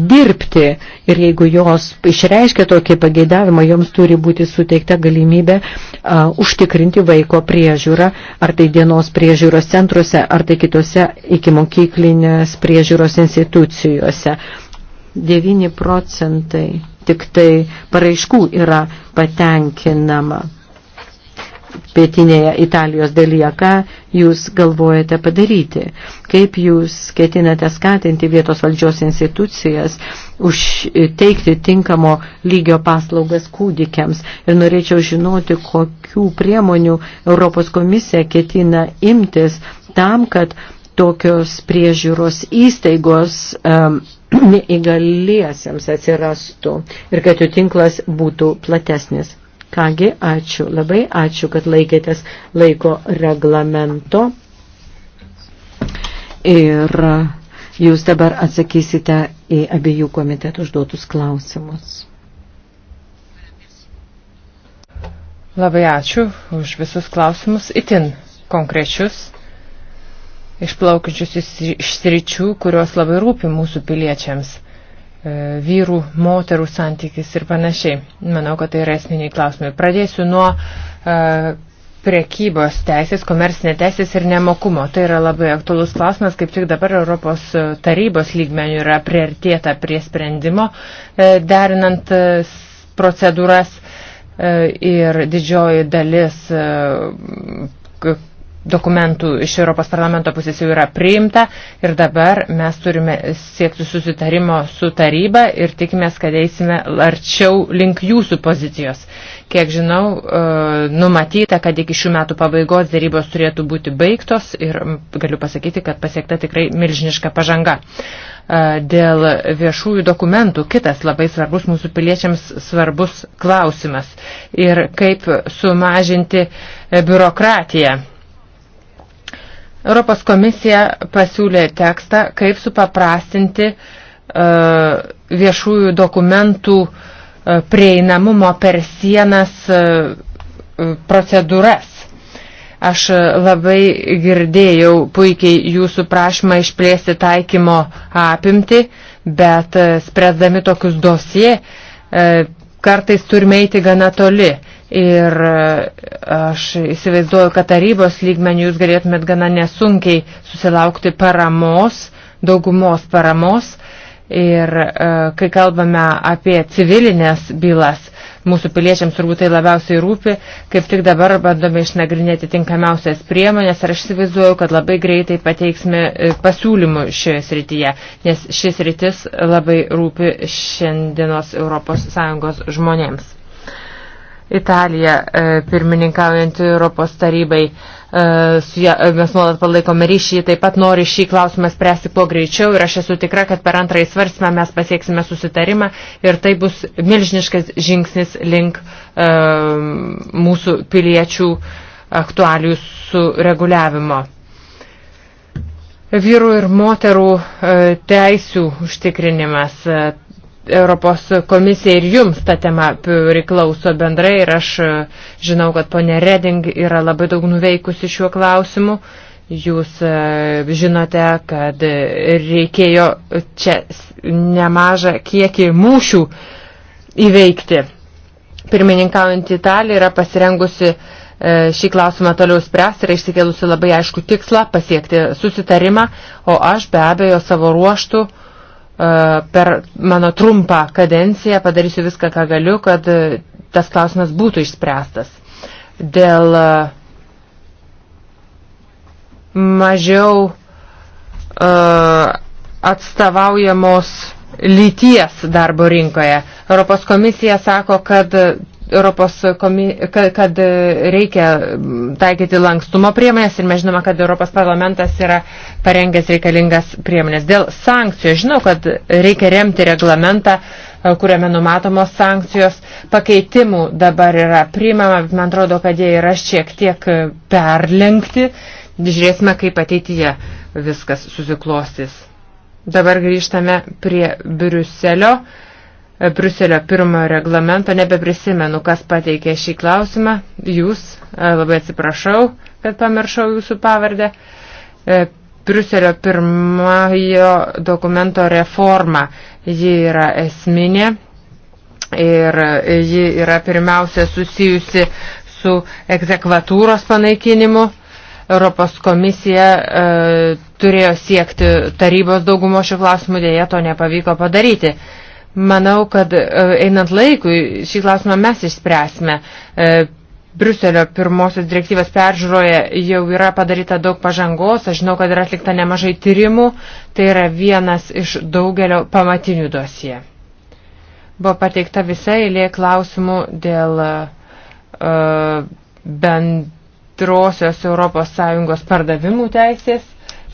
dirbti ir jeigu jos išreiškia tokį pageidavimą, joms turi būti suteikta galimybė a, užtikrinti vaiko priežiūrą, ar tai dienos priežiūros centruose, ar tai kitose ikimokyklinės priežiūros institucijose. 9 procentai tik tai paraiškų yra patenkinama pietinėje Italijos dalyje, ką jūs galvojate padaryti, kaip jūs ketinate skatinti vietos valdžios institucijas, užteikti tinkamo lygio paslaugas kūdikiams. Ir norėčiau žinoti, kokių priemonių Europos komisija ketina imtis tam, kad tokios priežiūros įstaigos um, neįgaliesiams atsirastų ir kad jų tinklas būtų platesnis. Kągi, ačiū, labai ačiū, kad laikėtės laiko reglamento. Ir jūs dabar atsakysite į abiejų komitetų užduotus klausimus. Labai ačiū už visus klausimus, itin konkrečius, išplaukiančius iš sričių, kurios labai rūpi mūsų piliečiams. E, vyrų, moterų santykis ir panašiai. Manau, kad tai yra esminiai klausimai. Pradėsiu nuo e, prekybos teisės, komersinė teisės ir nemokumo. Tai yra labai aktualus klausimas, kaip tik dabar Europos tarybos lygmenių yra priartėta prie sprendimo, e, derinant procedūras ir didžioji dalis dokumentų iš Europos parlamento pusės jau yra priimta ir dabar mes turime siekti susitarimo su taryba ir tikimės, kad eisime arčiau link jūsų pozicijos. Kiek žinau, e, numatyta, kad iki šių metų pabaigos dėrybos turėtų būti baigtos ir galiu pasakyti, kad pasiekta tikrai milžiniška pažanga. E, dėl viešųjų dokumentų kitas labai svarbus mūsų piliečiams svarbus klausimas ir kaip sumažinti biurokratiją Europos komisija pasiūlė tekstą, kaip supaprastinti e, viešųjų dokumentų e, prieinamumo per sienas e, procedūras. Aš labai girdėjau puikiai jūsų prašymą išplėsti taikymo apimti, bet spręsdami tokius dosie kartais turime eiti gana toli. Ir e, aš įsivaizduoju, kad tarybos lygmenių jūs galėtumėt gana nesunkiai susilaukti paramos, daugumos paramos. Ir e, kai kalbame apie civilinės bylas, mūsų piliečiams turbūt tai labiausiai rūpi, kaip tik dabar bandome išnagrinėti tinkamiausias priemonės ir aš įsivaizduoju, kad labai greitai pateiksime e, pasiūlymų šioje srityje, nes šis rytis labai rūpi šiandienos ES žmonėms. Italija e, pirmininkaujantį Europos tarybai. E, su ja, e, mes nuolat palaikome ryšį, taip pat nori šį klausimą spręsti kuo greičiau ir aš esu tikra, kad per antrąjį svarstymą mes pasieksime susitarimą ir tai bus milžiniškas žingsnis link um, mūsų piliečių aktualių sureguliavimo. Vyrų ir moterų teisių užtikrinimas Europos komisija ir jums ta tema priklauso bendrai ir aš e, žinau, kad ponė Reding yra labai daug nuveikusi šiuo klausimu. Jūs e, žinote, kad reikėjo čia nemažą kiekį mūšių įveikti. Pirmininkaujant Italija yra pasirengusi e, šį klausimą toliau spręsti ir išsikėlusi labai aišku tikslą pasiekti susitarimą, o aš be abejo savo ruoštų uh, E, per mano trumpą kadenciją padarysiu viską, ką galiu, kad e, tas klausimas būtų išspręstas. Dėl e, mažiau atstovaujamos lyties darbo rinkoje. Europos komisija sako, kad Europos komi, kad, kad reikia taikyti lankstumo priemonės ir mes žinoma, kad Europos parlamentas yra parengęs reikalingas priemonės. Dėl sankcijų, žinau, kad reikia remti reglamentą, e, kuriame numatomos sankcijos. Pakeitimų dabar yra priimama, man atrodo, kad jie yra šiek tiek perlenkti. Žiūrėsime, kaip ateityje viskas susiklostys. Dabar grįžtame prie Briuselio. Briuselio pirmojo reglamento, nebeprisimenu, kas pateikė šį klausimą, jūs, e, labai atsiprašau, kad pamiršau jūsų pavardę, e, Briuselio pirmojo dokumento reforma, ji yra esminė ir ji yra pirmiausia susijusi su egzekvatūros panaikinimu. Europos komisija e, turėjo siekti tarybos daugumo šių klausimų, dėja to nepavyko padaryti. E, Manau, kad e, einant laikui šį klausimą mes išspręsime. E, Briuselio pirmosios direktyvas peržiūroje jau yra padaryta daug pažangos, aš žinau, kad yra atlikta nemažai tyrimų, tai yra vienas iš daugelio pamatinių dosie. Buvo pateikta visa eilė klausimų dėl uh, bendrosios ES pardavimų teisės.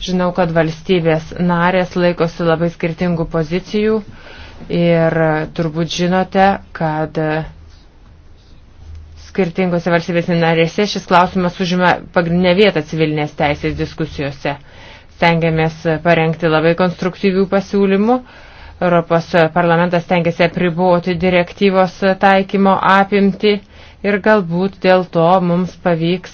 Žinau, kad valstybės narės laikosi labai skirtingų pozicijų. Uh, Ir turbūt žinote, kad skirtingose valstybėse narėse šis klausimas užima pagrindinę vietą civilinės teisės diskusijose. Stengiamės parengti labai konstruktyvių pasiūlymų. Europos parlamentas tengiasi apriboti direktyvos taikymo apimti ir galbūt dėl to mums pavyks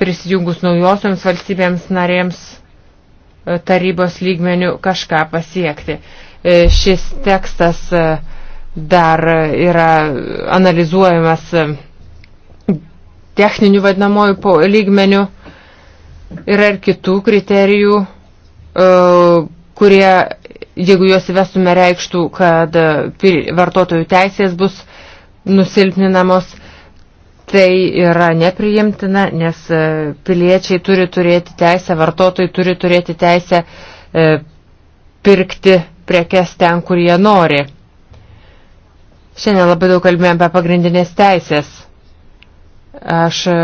prisijungus naujosioms valstybėms narėms e, tarybos lygmenių kažką pasiekti. E, šis tekstas e, dar yra analizuojamas e, techninių vadinamojų lygmenių. Yra ir kitų kriterijų, kurie, jeigu juos įvestume, reikštų, kad vartotojų teisės bus nusilpninamos. Tai yra nepriimtina, nes piliečiai turi turėti teisę, vartotojai turi turėti teisę pirkti prekes ten, kur jie nori. Šiandien labai daug kalbėjome apie pagrindinės teisės. Aš e,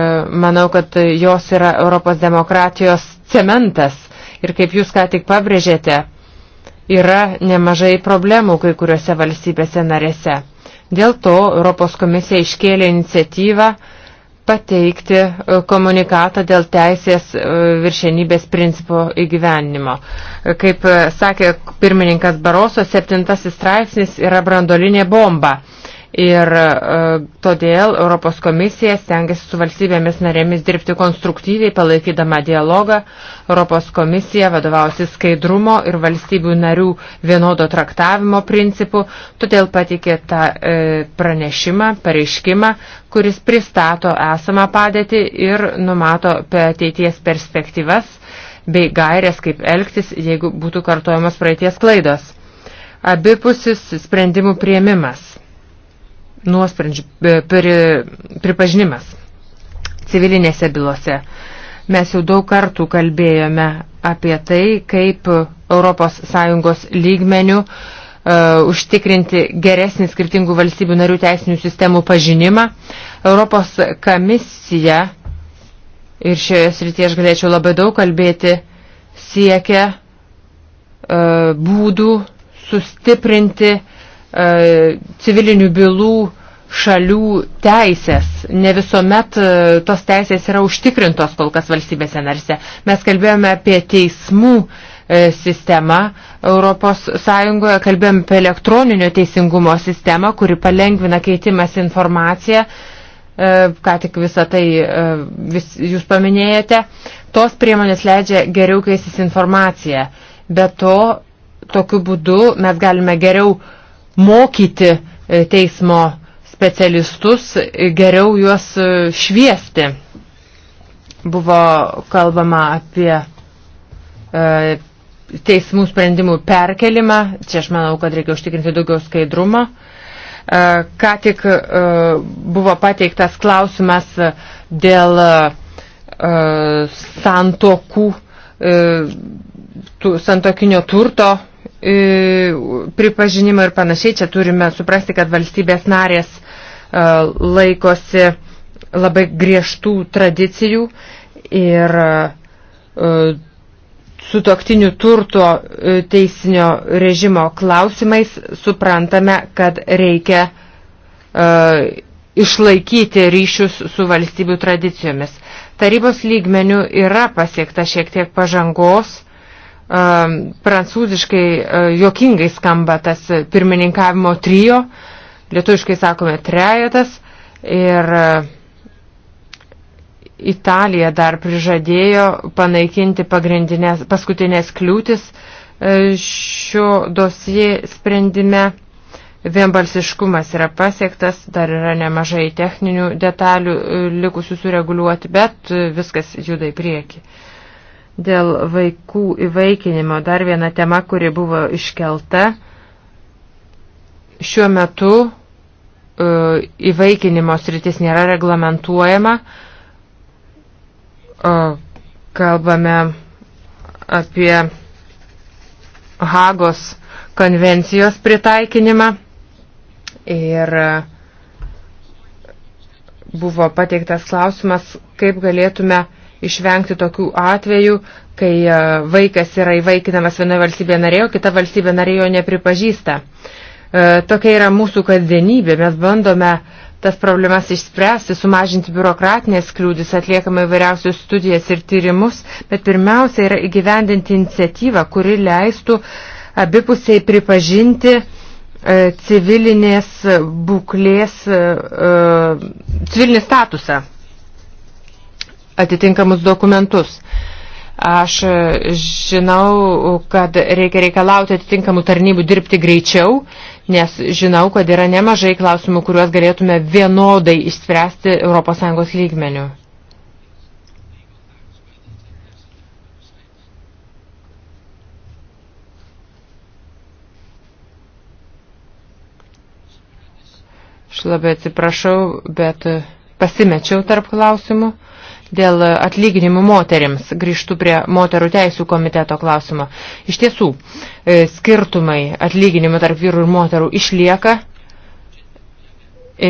manau, kad jos yra Europos demokratijos cementas. Ir kaip jūs ką tik pabrėžėte, yra nemažai problemų kai kuriuose valstybėse narėse. Dėl to Europos komisija iškėlė iniciatyvą uh, pateikti e, komunikatą dėl teisės e, viršenybės principo įgyvenimo. E, kaip sakė pirmininkas Baroso, septintasis straipsnis yra brandolinė bomba. Ir todėl Europos komisija stengiasi su valstybėmis narėmis dirbti konstruktyviai, palaikydama dialogą. Europos komisija vadovausi skaidrumo ir valstybių narių vienodo traktavimo principų, todėl patikė tą e, pranešimą, pareiškimą, kuris pristato esamą padėtį ir numato ateities perspektyvas bei gairės, kaip elgtis, jeigu būtų kartojamos praeities klaidos. Abipusis sprendimų prieimimas, nuosprendžių e, pri, pripažinimas civilinėse bylose. Mes jau daug kartų kalbėjome apie tai, kaip ES lygmenių uh, E, užtikrinti geresnį skirtingų valstybių narių teisinių sistemų pažinimą. Europos komisija, ir šioje srityje aš galėčiau labai daug kalbėti, siekia uh, būdų sustiprinti uh, civilinių bylų šalių teisės. Ne visuomet tos teisės yra užtikrintos kol kas valstybėse narse. Mes kalbėjome apie teismų uh, E, sistemą Europos Sąjungoje, kalbėjom apie elektroninio teisingumo sistemą, kuri palengvina keitimas informaciją, e, ką tik visą tai e, vis, jūs paminėjate. Tos priemonės leidžia geriau keistis informaciją. Be to, tokiu būdu mes galime geriau mokyti teismo specialistus, geriau juos šviesti. Buvo kalbama apie teismų sprendimų perkelimą. Čia aš manau, kad reikia užtikrinti daugiau skaidrumo. E, ką tik e, buvo pateiktas klausimas dėl e, santokų, santokinio turto pripažinimo ir panašiai. Čia turime suprasti, kad valstybės narės laikosi labai griežtų tradicijų ir sutoktinių turto e, teisinio režimo klausimais suprantame, kad reikia e, išlaikyti ryšius su valstybių tradicijomis. Tarybos lygmenių yra pasiekta šiek tiek pažangos. E, prancūziškai e, jokingai skamba tas pirmininkavimo trijo, lietuviškai sakome trejetas ir e, Italija dar prižadėjo panaikinti pagrindinės, paskutinės kliūtis e, šio dosie sprendime. Vienbalsiškumas yra pasiektas, dar yra nemažai techninių detalių e, likusių sureguliuoti, bet e, viskas juda į priekį. Dėl vaikų įvaikinimo dar viena tema, kuri buvo iškelta. Šiuo metu įvaikinimo sritis nėra reglamentuojama, kalbame apie Hagos konvencijos pritaikinimą ir buvo pateiktas klausimas, kaip galėtume išvengti tokių atvejų, kai e, vaikas yra įvaikinamas vienoje valstybėje narėjo, kita valstybė narėjo nepripažįsta. E, tokia yra mūsų kasdienybė. Mes bandome tas problemas išspręsti, sumažinti biurokratinės kliūdis, atliekama įvairiausius studijas ir tyrimus, bet pirmiausia yra įgyvendinti iniciatyvą, kuri leistų abipusiai pripažinti e, civilinės būklės, e, e, civilinį statusą, atitinkamus dokumentus. Aš žinau, kad reikia reikalauti atitinkamų tarnybų dirbti greičiau nes žinau, kad yra nemažai klausimų, kuriuos galėtume vienodai išspręsti ES lygmeniu. Aš labai atsiprašau, bet pasimečiau tarp klausimų. Dėl atlyginimų moterims grįžtų prie moterų teisų komiteto klausimo. Iš tiesų, e, skirtumai atlyginimų tarp vyrų ir moterų išlieka.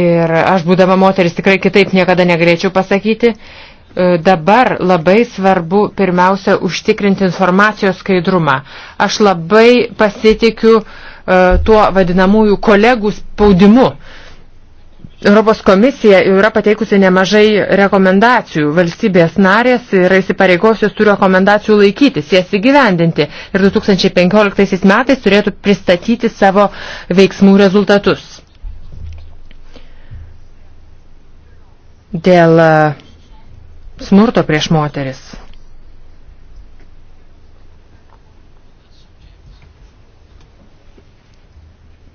Ir aš būdama moteris tikrai kitaip niekada negalėčiau pasakyti. E, dabar labai svarbu pirmiausia užtikrinti informacijos skaidrumą. Aš labai pasitikiu e, tuo vadinamųjų kolegų spaudimu. Uh, Europos komisija jau yra pateikusi nemažai rekomendacijų. Valstybės narės yra įsipareigosios tų rekomendacijų laikytis, jas įgyvendinti ir 2015 metais turėtų pristatyti savo veiksmų rezultatus. Dėl e, smurto prieš moteris.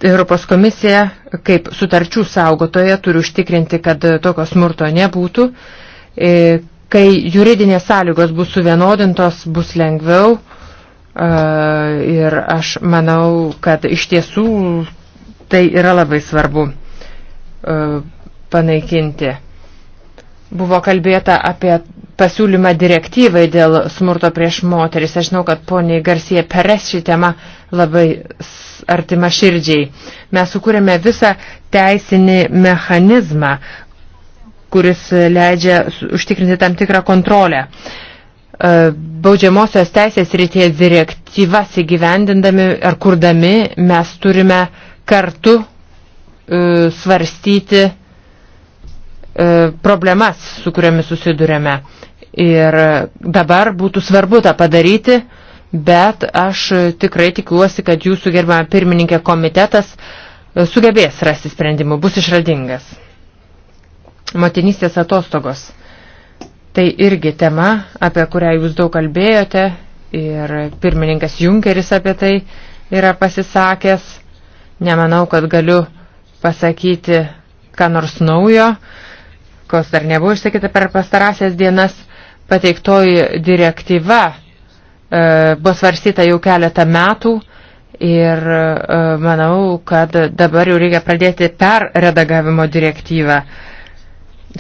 Europos komisija, kaip sutarčių saugotoja, turi užtikrinti, kad tokio smurto nebūtų. E, kai juridinės sąlygos bus suvienodintos, bus lengviau. E, ir aš manau, kad iš tiesų tai yra labai svarbu e, panaikinti. Buvo kalbėta apie pasiūlymą direktyvai dėl smurto prieš moteris. Aš žinau, kad poniai Garcija Peres šį temą labai artima širdžiai. Mes sukūrėme visą teisinį mechanizmą, kuris leidžia užtikrinti tam tikrą kontrolę. E, baudžiamosios teisės rytie direktyvas įgyvendindami ar kurdami mes turime kartu e, svarstyti e, problemas, su kuriomis susidurėme. Ir dabar būtų svarbu tą padaryti, bet aš tikrai tikiuosi, kad jūsų gerbama pirmininkė komitetas sugebės rasti sprendimų, bus išradingas. Motinystės atostogos. Tai irgi tema, apie kurią jūs daug kalbėjote ir pirmininkas Junkeris apie tai yra pasisakęs. Nemanau, kad galiu pasakyti, ką nors naujo, kos dar nebuvo išsakyta per pastarąsias dienas pateiktoji direktyva e, buvo svarstyta jau keletą metų ir e, manau, kad dabar jau reikia pradėti perredagavimo direktyvą.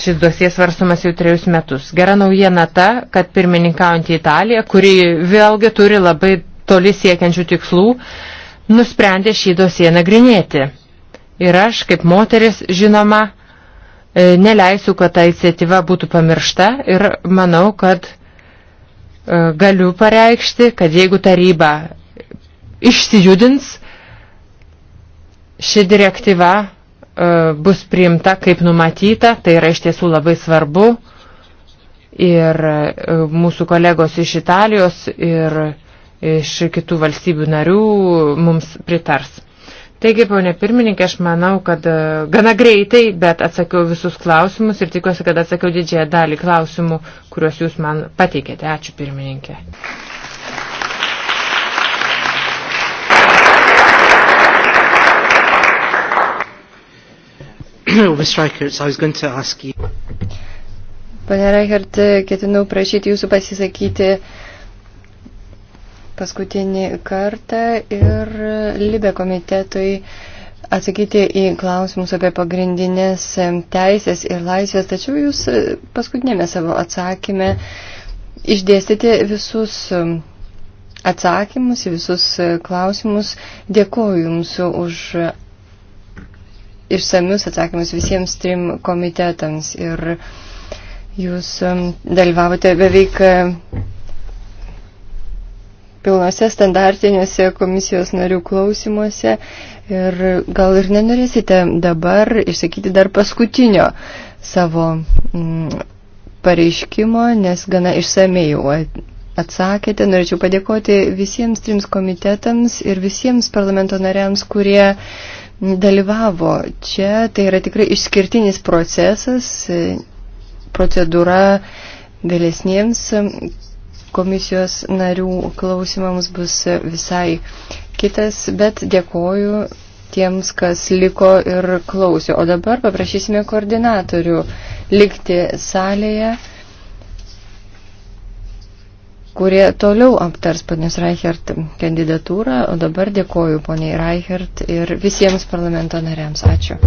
Šis dosies svarstomas jau trejus metus. Gera naujiena ta, kad pirmininkaujantį Italiją, kuri vėlgi turi labai toli siekiančių tikslų, nusprendė šį dosiją nagrinėti. Ir aš, kaip moteris, žinoma, E, neleisiu, kad ta iniciatyva būtų pamiršta ir manau, kad e, galiu pareikšti, kad jeigu taryba išsijudins, ši direktyva e, bus priimta kaip numatyta, tai yra iš tiesų labai svarbu ir mūsų kolegos iš Italijos ir iš kitų valstybių narių mums pritars. Taigi, ponė pirmininkė, aš manau, kad e, gana greitai, bet atsakiau visus klausimus ir tikiuosi, kad atsakiau didžiąją dalį klausimų, kuriuos jūs man pateikėte. Ačiū pirmininkė. Pane Reichert, ketinau prašyti jūsų pasisakyti paskutinį kartą ir Libė komitetui atsakyti į klausimus apie pagrindinės teisės ir laisvės, tačiau jūs paskutinėme savo atsakymę išdėstėte visus atsakymus į visus klausimus. Dėkuoju Jums už išsamius atsakymus visiems trim komitetams ir Jūs dalyvavote beveik pilnuose standartiniuose komisijos narių klausimuose ir gal ir nenorėsite dabar išsakyti dar paskutinio savo mm, pareiškimo, nes gana išsamei jau atsakėte. Norėčiau padėkoti visiems trims komitetams ir visiems parlamento nariams, kurie dalyvavo čia. Tai yra tikrai išskirtinis procesas, procedūra vėlesniems komisijos narių klausimams bus visai kitas, bet dėkoju tiems, kas liko ir klausė. O dabar paprašysime koordinatorių likti salėje, kurie toliau aptars ponios Reichert kandidatūrą. O dabar dėkoju poniai Reichert ir visiems parlamento nariams. Ačiū.